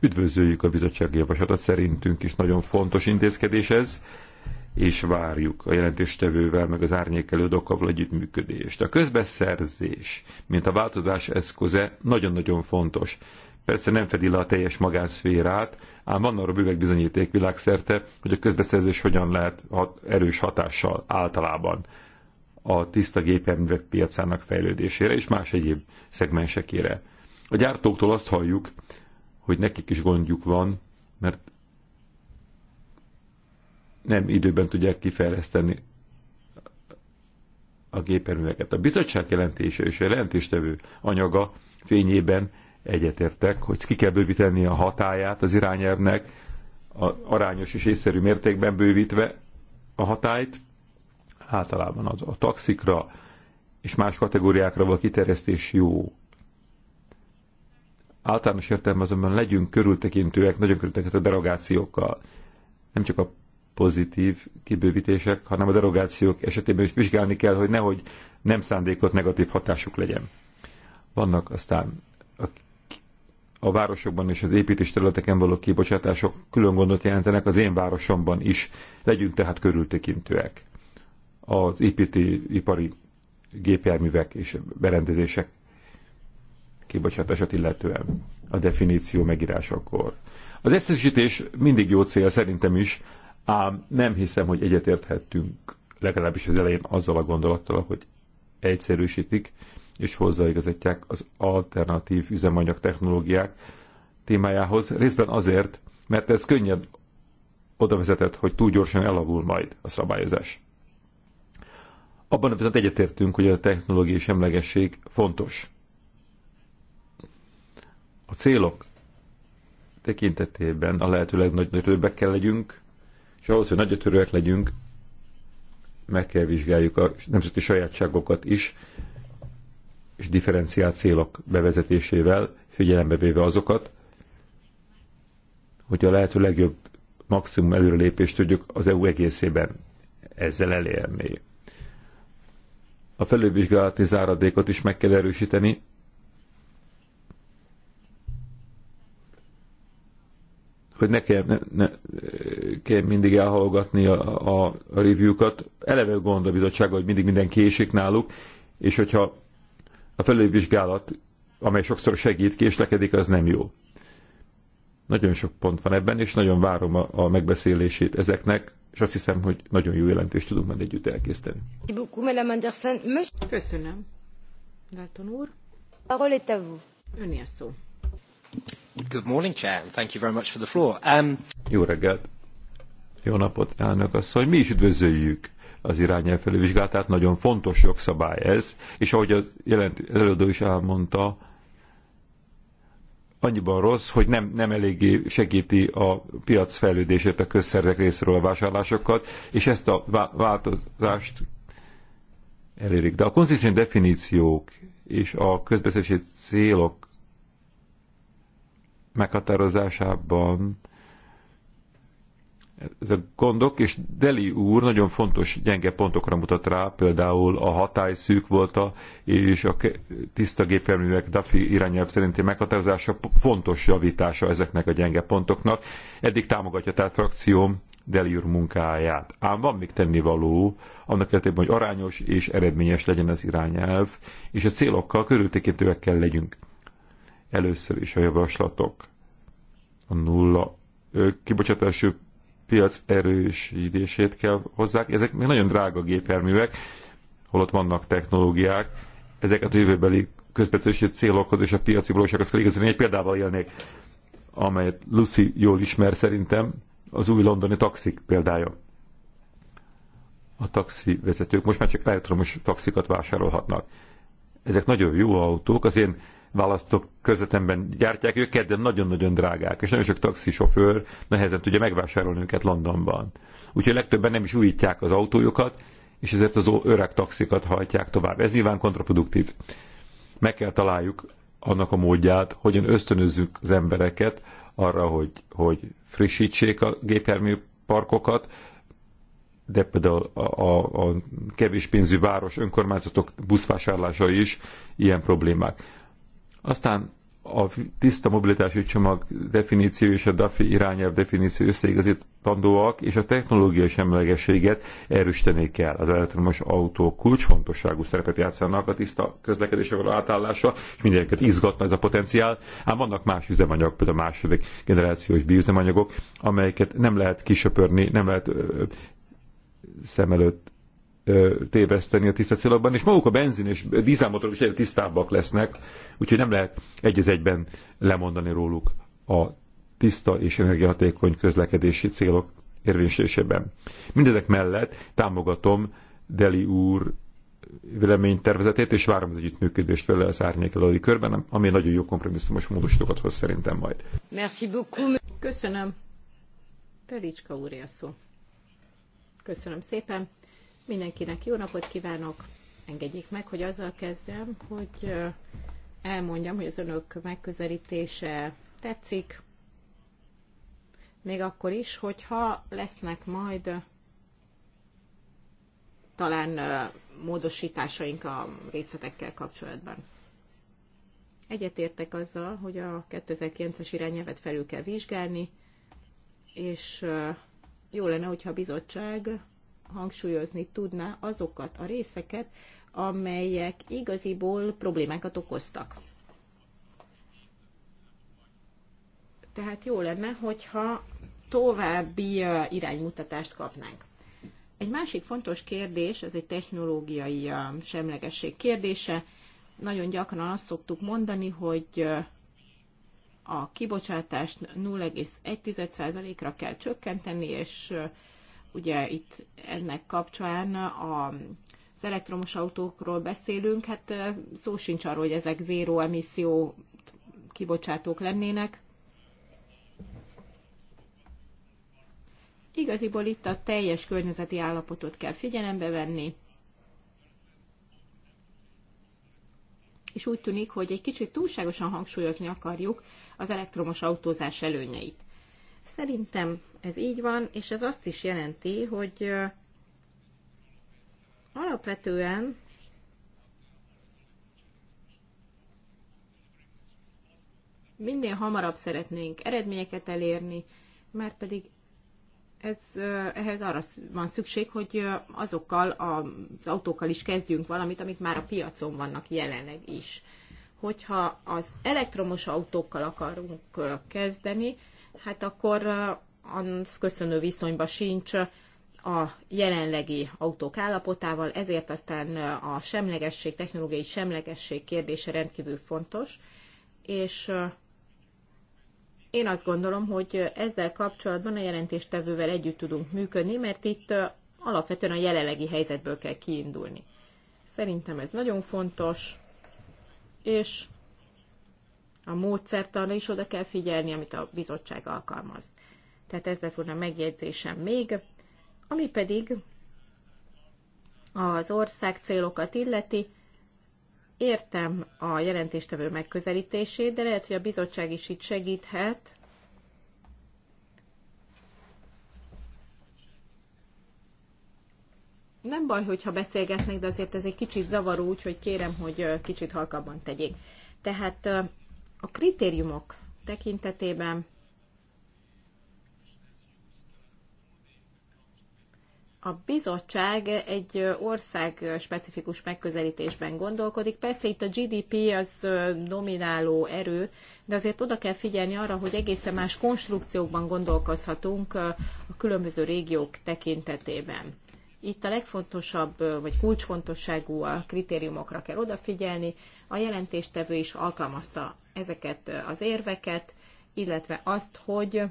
Üdvözöljük a bizottsági javaslatot, szerintünk is nagyon fontos intézkedés ez, és várjuk a jelentéstevővel, meg az árnyékelő dokavval együttműködést. A közbeszerzés, mint a változás eszköze, nagyon-nagyon fontos. Persze nem fedi le a teljes magánszférát, ám van arra bővek bizonyíték világszerte, hogy a közbeszerzés hogyan lehet erős hatással általában a tiszta gépjárművek piacának fejlődésére és más egyéb szegmensekére. A gyártóktól azt halljuk, hogy nekik is gondjuk van, mert nem időben tudják kifejleszteni a géperműveket. A bizottság jelentése és a jelentéstevő anyaga fényében egyetértek, hogy ki kell bővíteni a hatáját az irányelvnek, a arányos és észszerű mértékben bővítve a hatályt, általában az a taxikra és más kategóriákra való kiterjesztés jó. Általános értelme azonban legyünk körültekintőek, nagyon körültekintőek a derogációkkal. Nem csak a pozitív kibővítések, hanem a derogációk esetében is vizsgálni kell, hogy nehogy nem szándékot negatív hatásuk legyen. Vannak aztán a, a városokban és az építés területeken való kibocsátások külön gondot jelentenek, az én városomban is. Legyünk tehát körültekintőek. Az építőipari gépjárművek és berendezések kibocsátását illetően a definíció megírásakor. Az egyszerűsítés mindig jó cél, szerintem is, Ám nem hiszem, hogy egyetérthettünk legalábbis az elején azzal a gondolattal, hogy egyszerűsítik és hozzáigazítják az alternatív üzemanyag technológiák témájához. Részben azért, mert ez könnyen oda vezetett, hogy túl gyorsan elavul majd a szabályozás. Abban viszont egyetértünk, hogy a technológiai semlegesség fontos. A célok tekintetében a lehető legnagyobb kell legyünk, és ahhoz, hogy nagyotörőek legyünk, meg kell vizsgáljuk a nemzeti sajátságokat is, és differenciált célok bevezetésével, figyelembe véve azokat, hogy a lehető legjobb maximum előrelépést tudjuk az EU egészében ezzel elérni. A felülvizsgálati záradékot is meg kell erősíteni, hogy ne kell, ne, ne kell mindig elhallgatni a, a, a review-kat. Eleve gond a bizottsága, hogy mindig minden késik náluk, és hogyha a felülvizsgálat, amely sokszor segít, késlekedik, az nem jó. Nagyon sok pont van ebben, és nagyon várom a, a megbeszélését ezeknek, és azt hiszem, hogy nagyon jó jelentést tudunk majd együtt elkészíteni. Köszönöm. Dalton úr. Parole est à vous. szó. Good morning, Chair, and thank you very much for the floor. Um... Jó reggelt! Jó napot, elnök asszony! Mi is üdvözöljük az irányelv felülvizsgálatát, nagyon fontos jogszabály ez, és ahogy az előadó is elmondta, annyiban rossz, hogy nem, nem eléggé segíti a piac fejlődését a közszerzek részéről a vásárlásokat, és ezt a változást elérik. De a konzisztens definíciók és a közbeszélési célok meghatározásában ez a gondok, és Deli úr nagyon fontos gyenge pontokra mutat rá, például a hatály szűk volt a, és a tiszta gépjárművek DAFI irányelv szerinti meghatározása fontos javítása ezeknek a gyenge pontoknak. Eddig támogatja tehát frakcióm Deli úr munkáját. Ám van még tennivaló, annak érdekében, hogy arányos és eredményes legyen az irányelv, és a célokkal körültekintőek kell legyünk. Először is a javaslatok. A nulla kibocsátású piac erősítését kell hozzák. Ezek még nagyon drága gépjárművek, holott vannak technológiák. Ezeket a jövőbeli közbeszélési célokhoz és a piaci valósághoz kell igazolni. Egy példával élnék, amelyet Lucy jól ismer szerintem, az új londoni taxik példája. A taxi vezetők most már csak elektromos taxikat vásárolhatnak. Ezek nagyon jó autók, az én választók közvetemben gyártják őket, de nagyon-nagyon drágák, és nagyon sok taxisofőr nehezen tudja megvásárolni őket Londonban. Úgyhogy legtöbben nem is újítják az autójukat, és ezért az öreg taxikat hajtják tovább. Ez nyilván kontraproduktív. Meg kell találjuk annak a módját, hogyan ösztönözzük az embereket arra, hogy, hogy frissítsék a gépjármű parkokat, de például a, a, a kevés pénzű város önkormányzatok buszvásárlása is ilyen problémák. Aztán a tiszta mobilitási csomag definíció és a DAFI irányelv definíció összeigazítandóak, és a technológiai semlegességet erősíteni kell. Az elektromos autók kulcsfontosságú szerepet játszanak a tiszta közlekedésre való átállásra, és mindenkit izgatna ez a potenciál, ám vannak más üzemanyagok, például a második generációs bioüzemanyagok, amelyeket nem lehet kisöpörni, nem lehet ö, szem előtt téveszteni a tiszta célokban, és maguk a benzin és dízelmotorok is egyre tisztábbak lesznek, úgyhogy nem lehet egy az egyben lemondani róluk a tiszta és energiahatékony közlekedési célok érvényesülésében. Mindezek mellett támogatom Deli úr véleménytervezetét, és várom az együttműködést vele az árnyék árnyékelői körben, ami nagyon jó kompromisszumos módosítókat hoz szerintem majd. Merci beaucoup. Köszönöm. Pelicska úr szó. Köszönöm szépen. Mindenkinek jó napot kívánok! Engedjék meg, hogy azzal kezdjem, hogy elmondjam, hogy az önök megközelítése tetszik, még akkor is, hogyha lesznek majd talán módosításaink a részletekkel kapcsolatban. Egyetértek azzal, hogy a 2009-es irányelvet felül kell vizsgálni, és jó lenne, hogyha a bizottság hangsúlyozni tudná azokat a részeket, amelyek igaziból problémákat okoztak. Tehát jó lenne, hogyha további iránymutatást kapnánk. Egy másik fontos kérdés, ez egy technológiai semlegesség kérdése. Nagyon gyakran azt szoktuk mondani, hogy a kibocsátást 0,1%-ra kell csökkenteni, és Ugye itt ennek kapcsán a az elektromos autókról beszélünk, hát szó sincs arról, hogy ezek zéró emisszió kibocsátók lennének. Igaziból itt a teljes környezeti állapotot kell figyelembe venni, és úgy tűnik, hogy egy kicsit túlságosan hangsúlyozni akarjuk az elektromos autózás előnyeit. Szerintem ez így van, és ez azt is jelenti, hogy alapvetően minél hamarabb szeretnénk eredményeket elérni, mert pedig ez, ehhez arra van szükség, hogy azokkal az autókkal is kezdjünk valamit, amik már a piacon vannak jelenleg is. Hogyha az elektromos autókkal akarunk kezdeni, hát akkor az köszönő viszonyba sincs a jelenlegi autók állapotával, ezért aztán a semlegesség, technológiai semlegesség kérdése rendkívül fontos, és én azt gondolom, hogy ezzel kapcsolatban a jelentéstevővel együtt tudunk működni, mert itt alapvetően a jelenlegi helyzetből kell kiindulni. Szerintem ez nagyon fontos, és a módszertanra is oda kell figyelni, amit a bizottság alkalmaz. Tehát ez lett volna megjegyzésem még. Ami pedig az ország célokat illeti, értem a jelentéstevő megközelítését, de lehet, hogy a bizottság is itt segíthet. Nem baj, hogyha beszélgetnek, de azért ez egy kicsit zavaró, úgyhogy kérem, hogy kicsit halkabban tegyék. Tehát a kritériumok tekintetében a bizottság egy ország specifikus megközelítésben gondolkodik. Persze itt a GDP az domináló erő, de azért oda kell figyelni arra, hogy egészen más konstrukciókban gondolkozhatunk a különböző régiók tekintetében. Itt a legfontosabb, vagy kulcsfontosságú a kritériumokra kell odafigyelni. A jelentéstevő is alkalmazta ezeket az érveket, illetve azt, hogy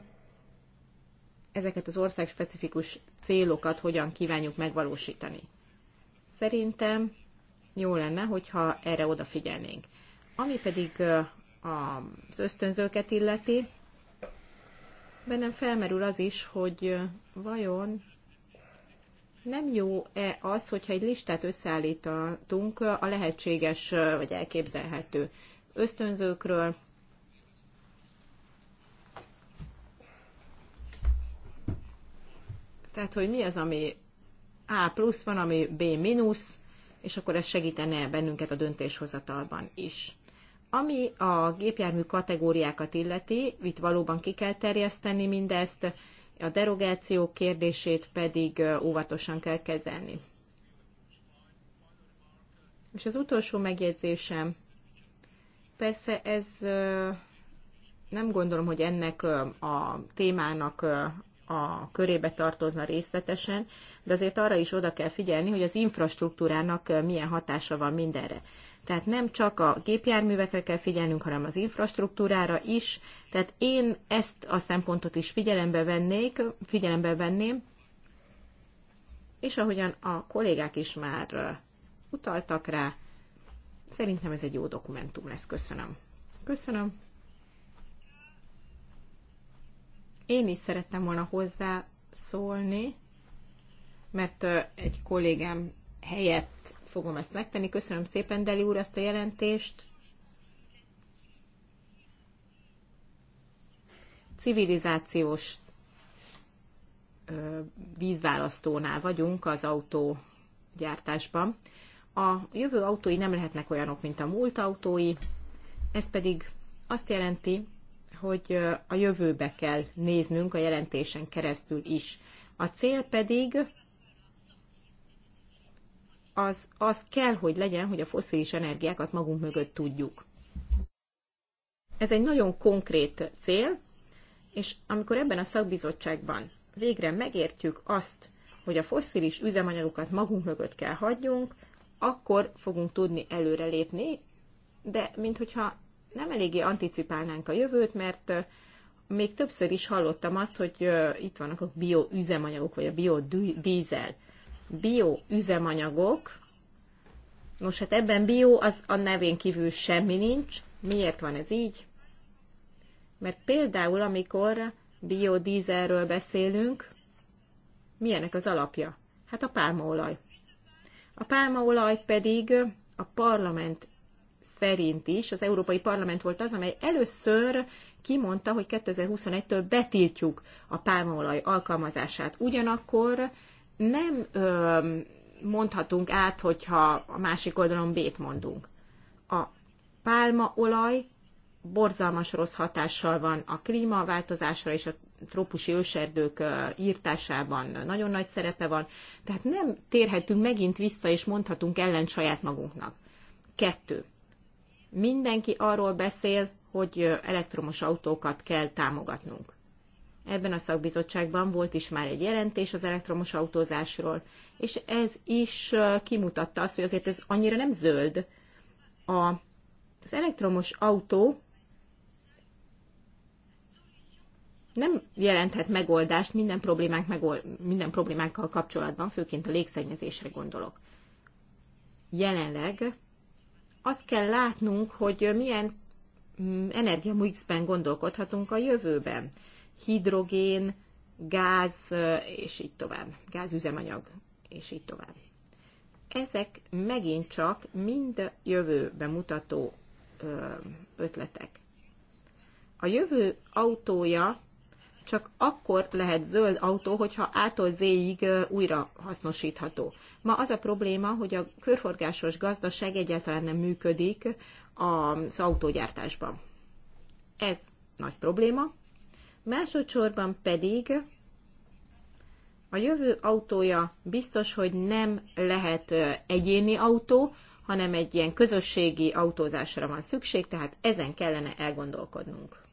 ezeket az ország specifikus célokat hogyan kívánjuk megvalósítani. Szerintem jó lenne, hogyha erre odafigyelnénk. Ami pedig az ösztönzőket illeti, bennem felmerül az is, hogy vajon nem jó-e az, hogyha egy listát összeállítunk a lehetséges vagy elképzelhető ösztönzőkről, Tehát, hogy mi az, ami A plusz van, ami B mínusz, és akkor ez segítene bennünket a döntéshozatalban is. Ami a gépjármű kategóriákat illeti, itt valóban ki kell terjeszteni mindezt, a derogáció kérdését pedig óvatosan kell kezelni. És az utolsó megjegyzésem, persze ez nem gondolom, hogy ennek a témának a körébe tartozna részletesen, de azért arra is oda kell figyelni, hogy az infrastruktúrának milyen hatása van mindenre. Tehát nem csak a gépjárművekre kell figyelnünk, hanem az infrastruktúrára is. Tehát én ezt a szempontot is figyelembe, vennék, figyelembe venném, és ahogyan a kollégák is már utaltak rá, szerintem ez egy jó dokumentum lesz. Köszönöm. Köszönöm. Én is szerettem volna hozzászólni, mert egy kollégám helyett fogom ezt megtenni. Köszönöm szépen, Deli úr, ezt a jelentést. Civilizációs vízválasztónál vagyunk az autógyártásban. A jövő autói nem lehetnek olyanok, mint a múlt autói, ez pedig azt jelenti, hogy a jövőbe kell néznünk a jelentésen keresztül is. A cél pedig az, az kell, hogy legyen, hogy a foszilis energiákat magunk mögött tudjuk. Ez egy nagyon konkrét cél, és amikor ebben a szakbizottságban végre megértjük azt, hogy a fosszilis üzemanyagokat magunk mögött kell hagyjunk, akkor fogunk tudni előrelépni, de minthogyha nem eléggé anticipálnánk a jövőt, mert még többször is hallottam azt, hogy itt vannak a bioüzemanyagok, vagy a biodízel. Bioüzemanyagok, nos hát ebben bio, az a nevén kívül semmi nincs. Miért van ez így? Mert például, amikor biodízelről beszélünk, milyenek az alapja? Hát a pálmaolaj. A pálmaolaj pedig a parlament szerint is az Európai Parlament volt az, amely először kimondta, hogy 2021-től betiltjuk a pálmaolaj alkalmazását. Ugyanakkor nem ö, mondhatunk át, hogyha a másik oldalon bét mondunk. A pálmaolaj borzalmas rossz hatással van a klímaváltozásra és a trópusi őserdők írtásában nagyon nagy szerepe van, tehát nem térhetünk megint vissza és mondhatunk ellen saját magunknak. Kettő. Mindenki arról beszél, hogy elektromos autókat kell támogatnunk. Ebben a szakbizottságban volt is már egy jelentés az elektromos autózásról, és ez is kimutatta azt, hogy azért ez annyira nem zöld. A, az elektromos autó nem jelenthet megoldást minden, problémánk megold, minden problémánkkal kapcsolatban, főként a légszennyezésre gondolok. Jelenleg azt kell látnunk, hogy milyen mm, energiamixben gondolkodhatunk a jövőben. Hidrogén, gáz, és így tovább. Gázüzemanyag, és így tovább. Ezek megint csak mind jövőbe mutató ötletek. A jövő autója csak akkor lehet zöld autó, hogyha ától zéig újra hasznosítható. Ma az a probléma, hogy a körforgásos gazdaság egyáltalán nem működik az autógyártásban. Ez nagy probléma. Másodszorban pedig a jövő autója biztos, hogy nem lehet egyéni autó, hanem egy ilyen közösségi autózásra van szükség, tehát ezen kellene elgondolkodnunk.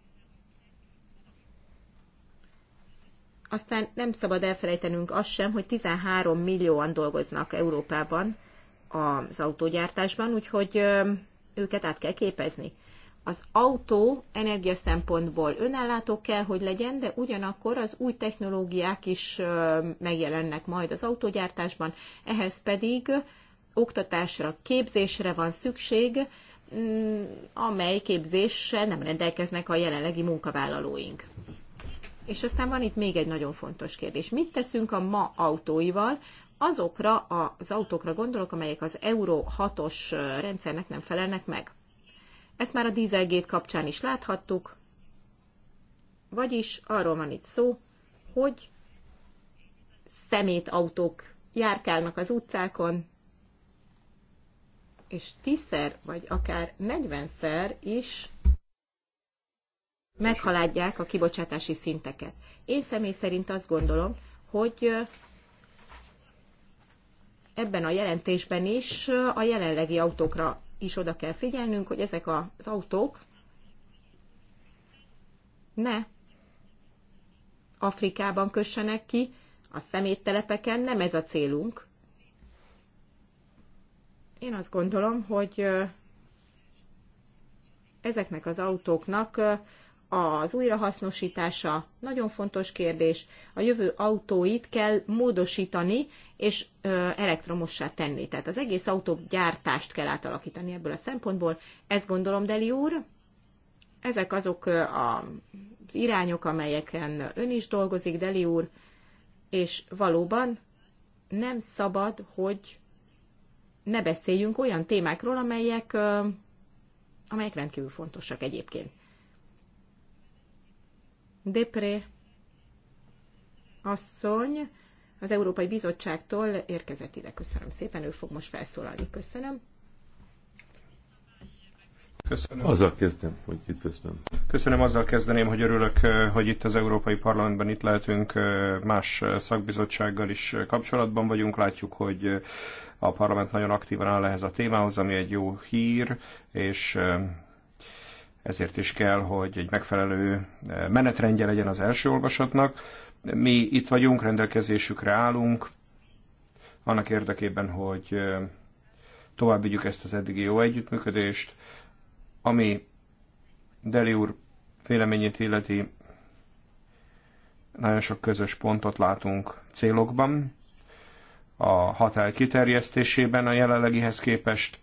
Aztán nem szabad elfelejtenünk azt sem, hogy 13 millióan dolgoznak Európában az autógyártásban, úgyhogy őket át kell képezni. Az autó energia szempontból önállátó kell, hogy legyen, de ugyanakkor az új technológiák is megjelennek majd az autógyártásban, ehhez pedig oktatásra, képzésre van szükség, mm, amely képzéssel nem rendelkeznek a jelenlegi munkavállalóink. És aztán van itt még egy nagyon fontos kérdés. Mit teszünk a ma autóival? Azokra az autókra gondolok, amelyek az Euro 6-os rendszernek nem felelnek meg. Ezt már a dieselgét kapcsán is láthattuk. Vagyis arról van itt szó, hogy szemétautók járkálnak az utcákon, és tízszer, vagy akár negyvenszer is meghaladják a kibocsátási szinteket. Én személy szerint azt gondolom, hogy ebben a jelentésben is a jelenlegi autókra is oda kell figyelnünk, hogy ezek az autók ne Afrikában kössenek ki, a szeméttelepeken nem ez a célunk. Én azt gondolom, hogy ezeknek az autóknak az újrahasznosítása nagyon fontos kérdés. A jövő autóit kell módosítani és elektromossá tenni. Tehát az egész autógyártást kell átalakítani ebből a szempontból. Ezt gondolom, Deli úr, ezek azok az irányok, amelyeken ön is dolgozik, Deli úr, és valóban nem szabad, hogy ne beszéljünk olyan témákról, amelyek, amelyek rendkívül fontosak egyébként. Depré asszony az Európai Bizottságtól érkezett ide. Köszönöm szépen, ő fog most felszólalni. Köszönöm. Köszönöm. Azzal kezdem, hogy üdvözlöm. Köszönöm, azzal kezdeném, hogy örülök, eh, hogy itt az Európai Parlamentben itt lehetünk, eh, más eh, szakbizottsággal is kapcsolatban vagyunk. Látjuk, hogy a parlament nagyon aktívan áll ehhez a témához, ami egy jó hír, és ezért is kell, hogy egy megfelelő eh, menetrendje legyen az első olvasatnak. Mi itt vagyunk, rendelkezésükre állunk, annak érdekében, hogy eh, tovább vigyük ezt az eddigi jó együttműködést, ami Deli úr véleményét illeti, nagyon sok közös pontot látunk célokban, a hatály kiterjesztésében a jelenlegihez képest,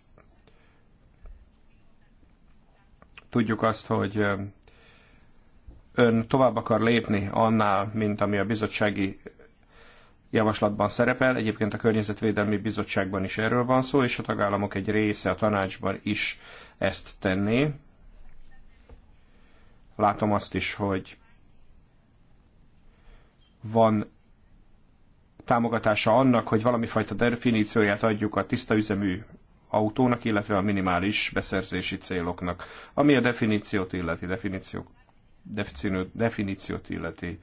Tudjuk azt, hogy ön tovább akar lépni annál, mint ami a bizottsági javaslatban szerepel. Egyébként a Környezetvédelmi Bizottságban is erről van szó, és a tagállamok egy része a tanácsban is ezt tenné. Látom azt is, hogy van támogatása annak, hogy valami fajta definícióját adjuk a tiszta üzemű autónak, illetve a minimális beszerzési céloknak, ami a definíciót illeti, definíciók, definíció, definíciót illeti.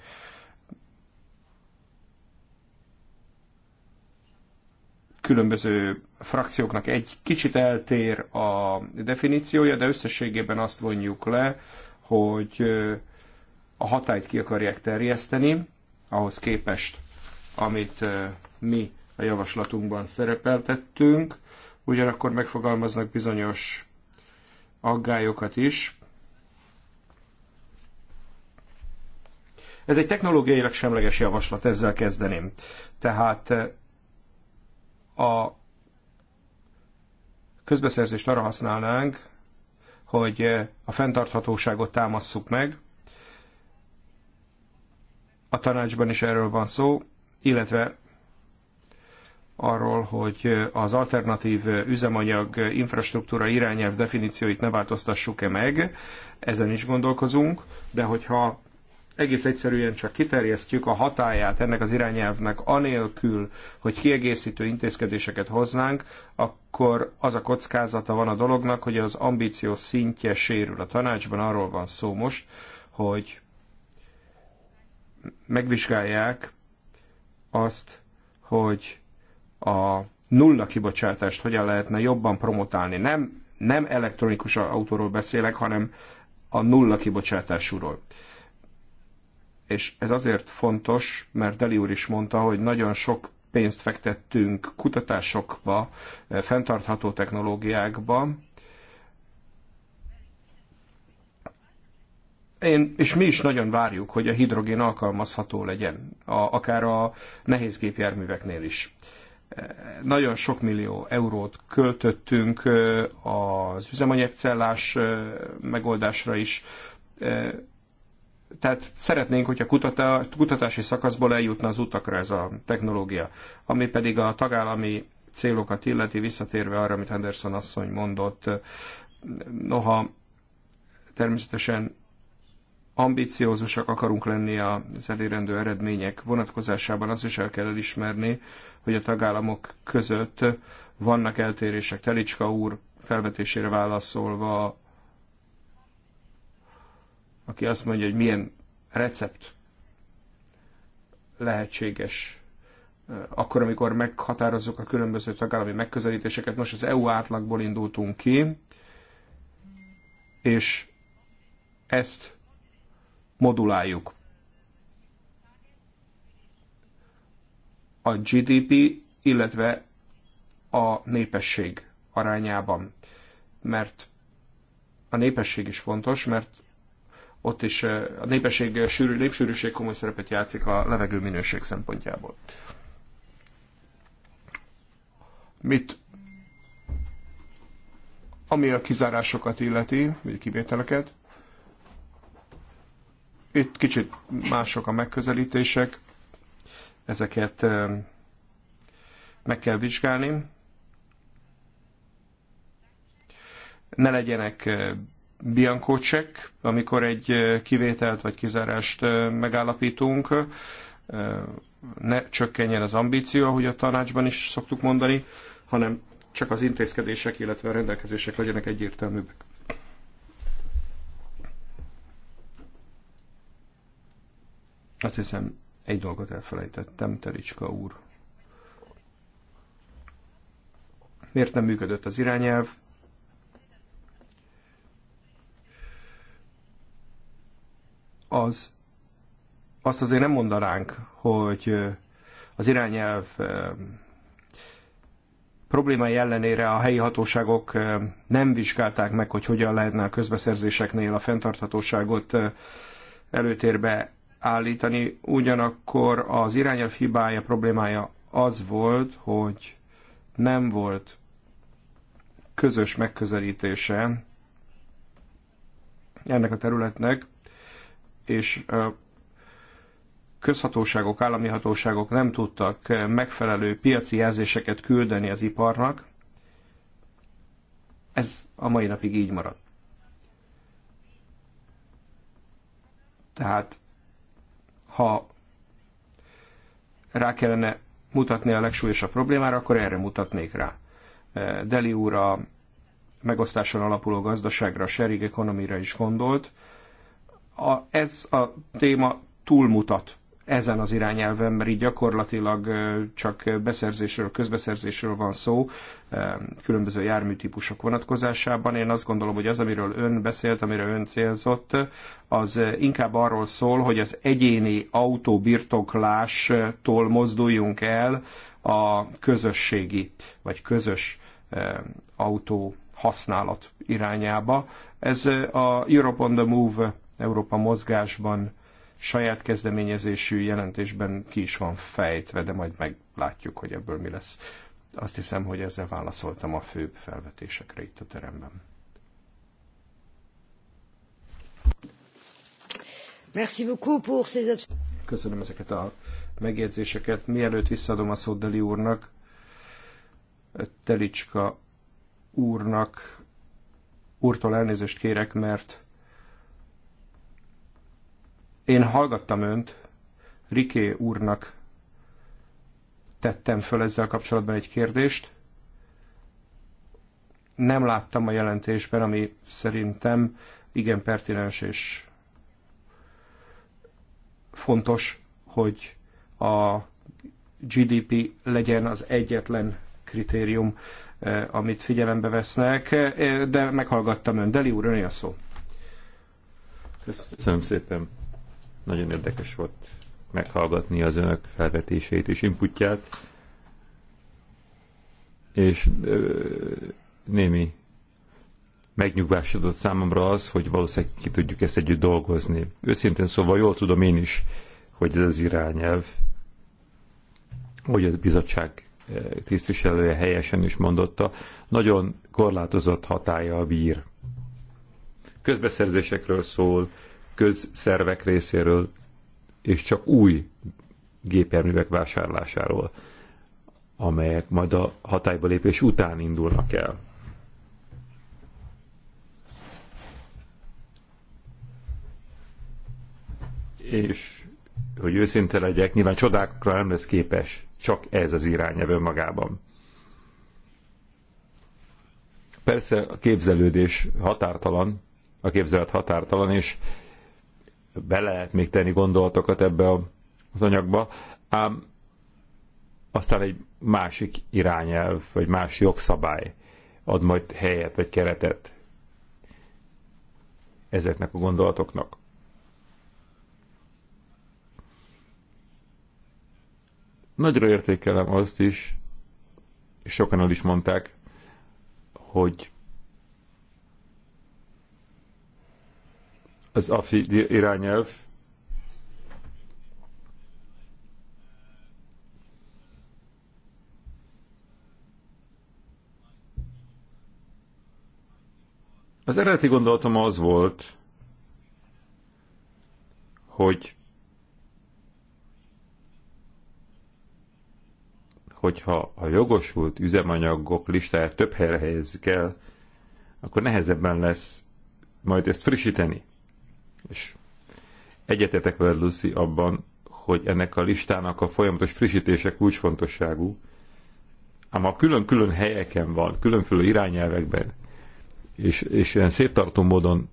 Különböző frakcióknak egy kicsit eltér a definíciója, de összességében azt vonjuk le, hogy a hatályt ki akarják terjeszteni, ahhoz képest, amit mi a javaslatunkban szerepeltettünk ugyanakkor megfogalmaznak bizonyos aggályokat is. Ez egy technológiailag semleges javaslat, ezzel kezdeném. Tehát eh, a közbeszerzést arra használnánk, hogy eh, a fenntarthatóságot támasszuk meg. A tanácsban is erről van szó, illetve arról, hogy az alternatív üzemanyag infrastruktúra irányelv definícióit ne változtassuk-e meg, ezen is gondolkozunk, de hogyha egész egyszerűen csak kiterjesztjük a hatáját ennek az irányelvnek anélkül, hogy kiegészítő intézkedéseket hoznánk, akkor az a kockázata van a dolognak, hogy az ambíció szintje sérül. A tanácsban arról van szó most, hogy megvizsgálják azt, hogy a nulla kibocsátást hogyan lehetne jobban promotálni. Nem, nem elektronikus autóról beszélek, hanem a nulla kibocsátásúról. És ez azért fontos, mert Deli úr is mondta, hogy nagyon sok pénzt fektettünk kutatásokba, fenntartható technológiákba. Én, és mi is nagyon várjuk, hogy a hidrogén alkalmazható legyen, a, akár a nehéz gépjárműveknél is nagyon sok millió eurót költöttünk az üzemanyagcellás megoldásra is. Tehát szeretnénk, hogy a kutatási szakaszból eljutna az utakra ez a technológia, ami pedig a tagállami célokat illeti, visszatérve arra, amit Henderson asszony mondott. Noha természetesen ambiciózusak akarunk lenni az elérendő eredmények vonatkozásában, az is el kell elismerni, hogy a tagállamok között vannak eltérések. Telicska úr felvetésére válaszolva, aki azt mondja, hogy milyen recept lehetséges akkor, amikor meghatározzuk a különböző tagállami megközelítéseket. Nos, az EU átlagból indultunk ki, és ezt moduláljuk. A GDP, illetve a népesség arányában. Mert a népesség is fontos, mert ott is eh, a népesség, eh, sűrű, népsűrűség komoly szerepet játszik a levegő minőség szempontjából. Mit ami a kizárásokat illeti, vagy kivételeket, itt kicsit mások a megközelítések, ezeket meg kell vizsgálni. Ne legyenek biankócsek, amikor egy kivételt vagy kizárást megállapítunk, ne csökkenjen az ambíció, ahogy a tanácsban is szoktuk mondani, hanem csak az intézkedések, illetve a rendelkezések legyenek egyértelműbbek. Azt hiszem, egy dolgot elfelejtettem, Tericska úr. Miért nem működött az irányelv? Az, azt azért nem mondanánk, hogy az irányelv problémái ellenére a helyi hatóságok nem vizsgálták meg, hogy hogyan lehetne a közbeszerzéseknél a fenntarthatóságot előtérbe állítani, ugyanakkor az irányelv hibája, problémája az volt, hogy nem volt közös megközelítése ennek a területnek, és közhatóságok, állami hatóságok nem tudtak megfelelő piaci jelzéseket küldeni az iparnak. Ez a mai napig így marad. Tehát ha rá kellene mutatni a legsúlyosabb problémára, akkor erre mutatnék rá. Eh, Deli úr a megosztáson alapuló gazdaságra, a sharing economy is gondolt. A, ez a téma túlmutat ezen az irányelven, mert így gyakorlatilag csak beszerzésről, közbeszerzésről van szó, különböző járműtípusok vonatkozásában. Én azt gondolom, hogy az, amiről ön beszélt, amire ön célzott, az inkább arról szól, hogy az egyéni autóbirtoklástól mozduljunk el a közösségi vagy közös autó használat irányába. Ez a Europe on the Move, Európa mozgásban saját kezdeményezésű jelentésben ki is van fejtve, de majd meglátjuk, hogy ebből mi lesz. Azt hiszem, hogy ezzel válaszoltam a főbb felvetésekre itt a teremben. Merci beaucoup pour ces Köszönöm ezeket a megjegyzéseket. Mielőtt visszaadom a szót Deli úrnak, Telicska úrnak, úrtól elnézést kérek, mert én hallgattam önt, Riké úrnak tettem föl ezzel kapcsolatban egy kérdést. Nem láttam a jelentésben, ami szerintem igen pertinens és fontos, hogy a GDP legyen az egyetlen kritérium, eh, amit figyelembe vesznek, eh, de meghallgattam ön. Deli úr, ön a szó. Köszönöm. Köszönöm szépen. Nagyon érdekes volt meghallgatni az önök felvetését és inputját, és ö, némi megnyugvás adott számomra az, hogy valószínűleg ki tudjuk ezt együtt dolgozni. Őszintén szóval jól tudom én is, hogy ez az irányelv, hogy a bizottság tisztviselője helyesen is mondotta, nagyon korlátozott hatája a bír. Közbeszerzésekről szól, közszervek részéről, és csak új gépjárművek vásárlásáról, amelyek majd a hatályba lépés után indulnak el. És hogy őszinte legyek, nyilván csodákra nem lesz képes, csak ez az irányelv önmagában. Persze a képzelődés határtalan, a képzelet határtalan, és bele lehet még tenni gondolatokat ebbe a, az anyagba, ám aztán egy másik irányelv, vagy más jogszabály ad majd helyet, vagy keretet ezeknek a gondolatoknak. Nagyra értékelem azt is, és sokan el is mondták, hogy az AFI irányelv, Az eredeti gondolatom az volt, hogy hogyha a jogosult üzemanyagok listáját több helyre helyezzük el, akkor nehezebben lesz majd ezt frissíteni. És egyetetek veled, Lucy, abban, hogy ennek a listának a folyamatos frissítése kulcsfontosságú, ám ha külön-külön helyeken van, különféle irányelvekben, és, és ilyen széttartó módon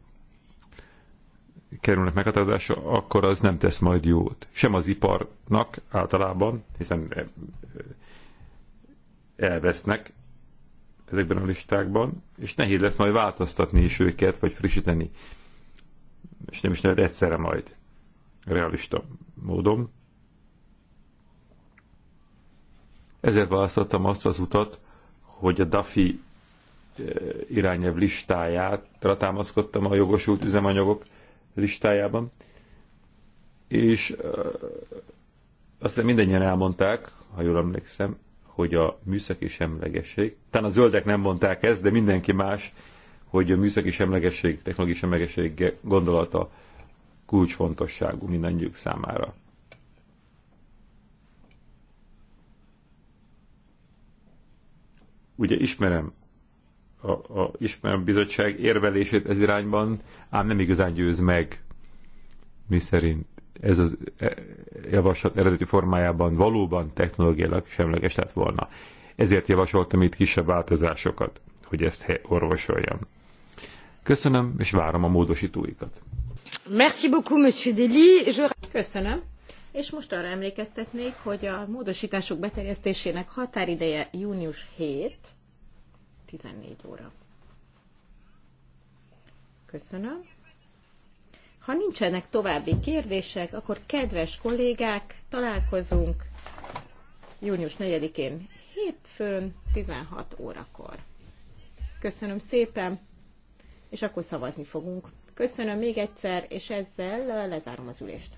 kerülnek meghatározásra, akkor az nem tesz majd jót. Sem az iparnak általában, hiszen eh, elvesznek ezekben a listákban, és nehéz lesz majd változtatni is őket, vagy frissíteni és nem is lehet egyszerre majd realista módon. Ezért választottam azt az utat, hogy a DAFI eh, irányelv listáját ratámaszkodtam a jogosult üzemanyagok listájában, és eh, azt hiszem mindannyian elmondták, ha jól emlékszem, hogy a műszaki semlegesség, talán a zöldek nem mondták ezt, de mindenki más hogy a műszaki semlegesség, technológiai semlegesség gondolata kulcsfontosságú mindannyiuk számára. Ugye ismerem a, a ismerem bizottság érvelését ez irányban, ám nem igazán győz meg, mi szerint ez az e, javaslat eredeti formájában valóban technológiailag semleges lett volna. Ezért javasoltam itt kisebb változásokat hogy ezt orvosoljam. Köszönöm, és várom a módosítóikat. Merci beaucoup, monsieur Deli. Je... Köszönöm. És most arra emlékeztetnék, hogy a módosítások beterjesztésének határideje június 7, 14 óra. Köszönöm. Ha nincsenek további kérdések, akkor kedves kollégák, találkozunk június 4-én hétfőn 16 órakor. Köszönöm szépen, és akkor szavazni fogunk. Köszönöm még egyszer, és ezzel lezárom az ülést.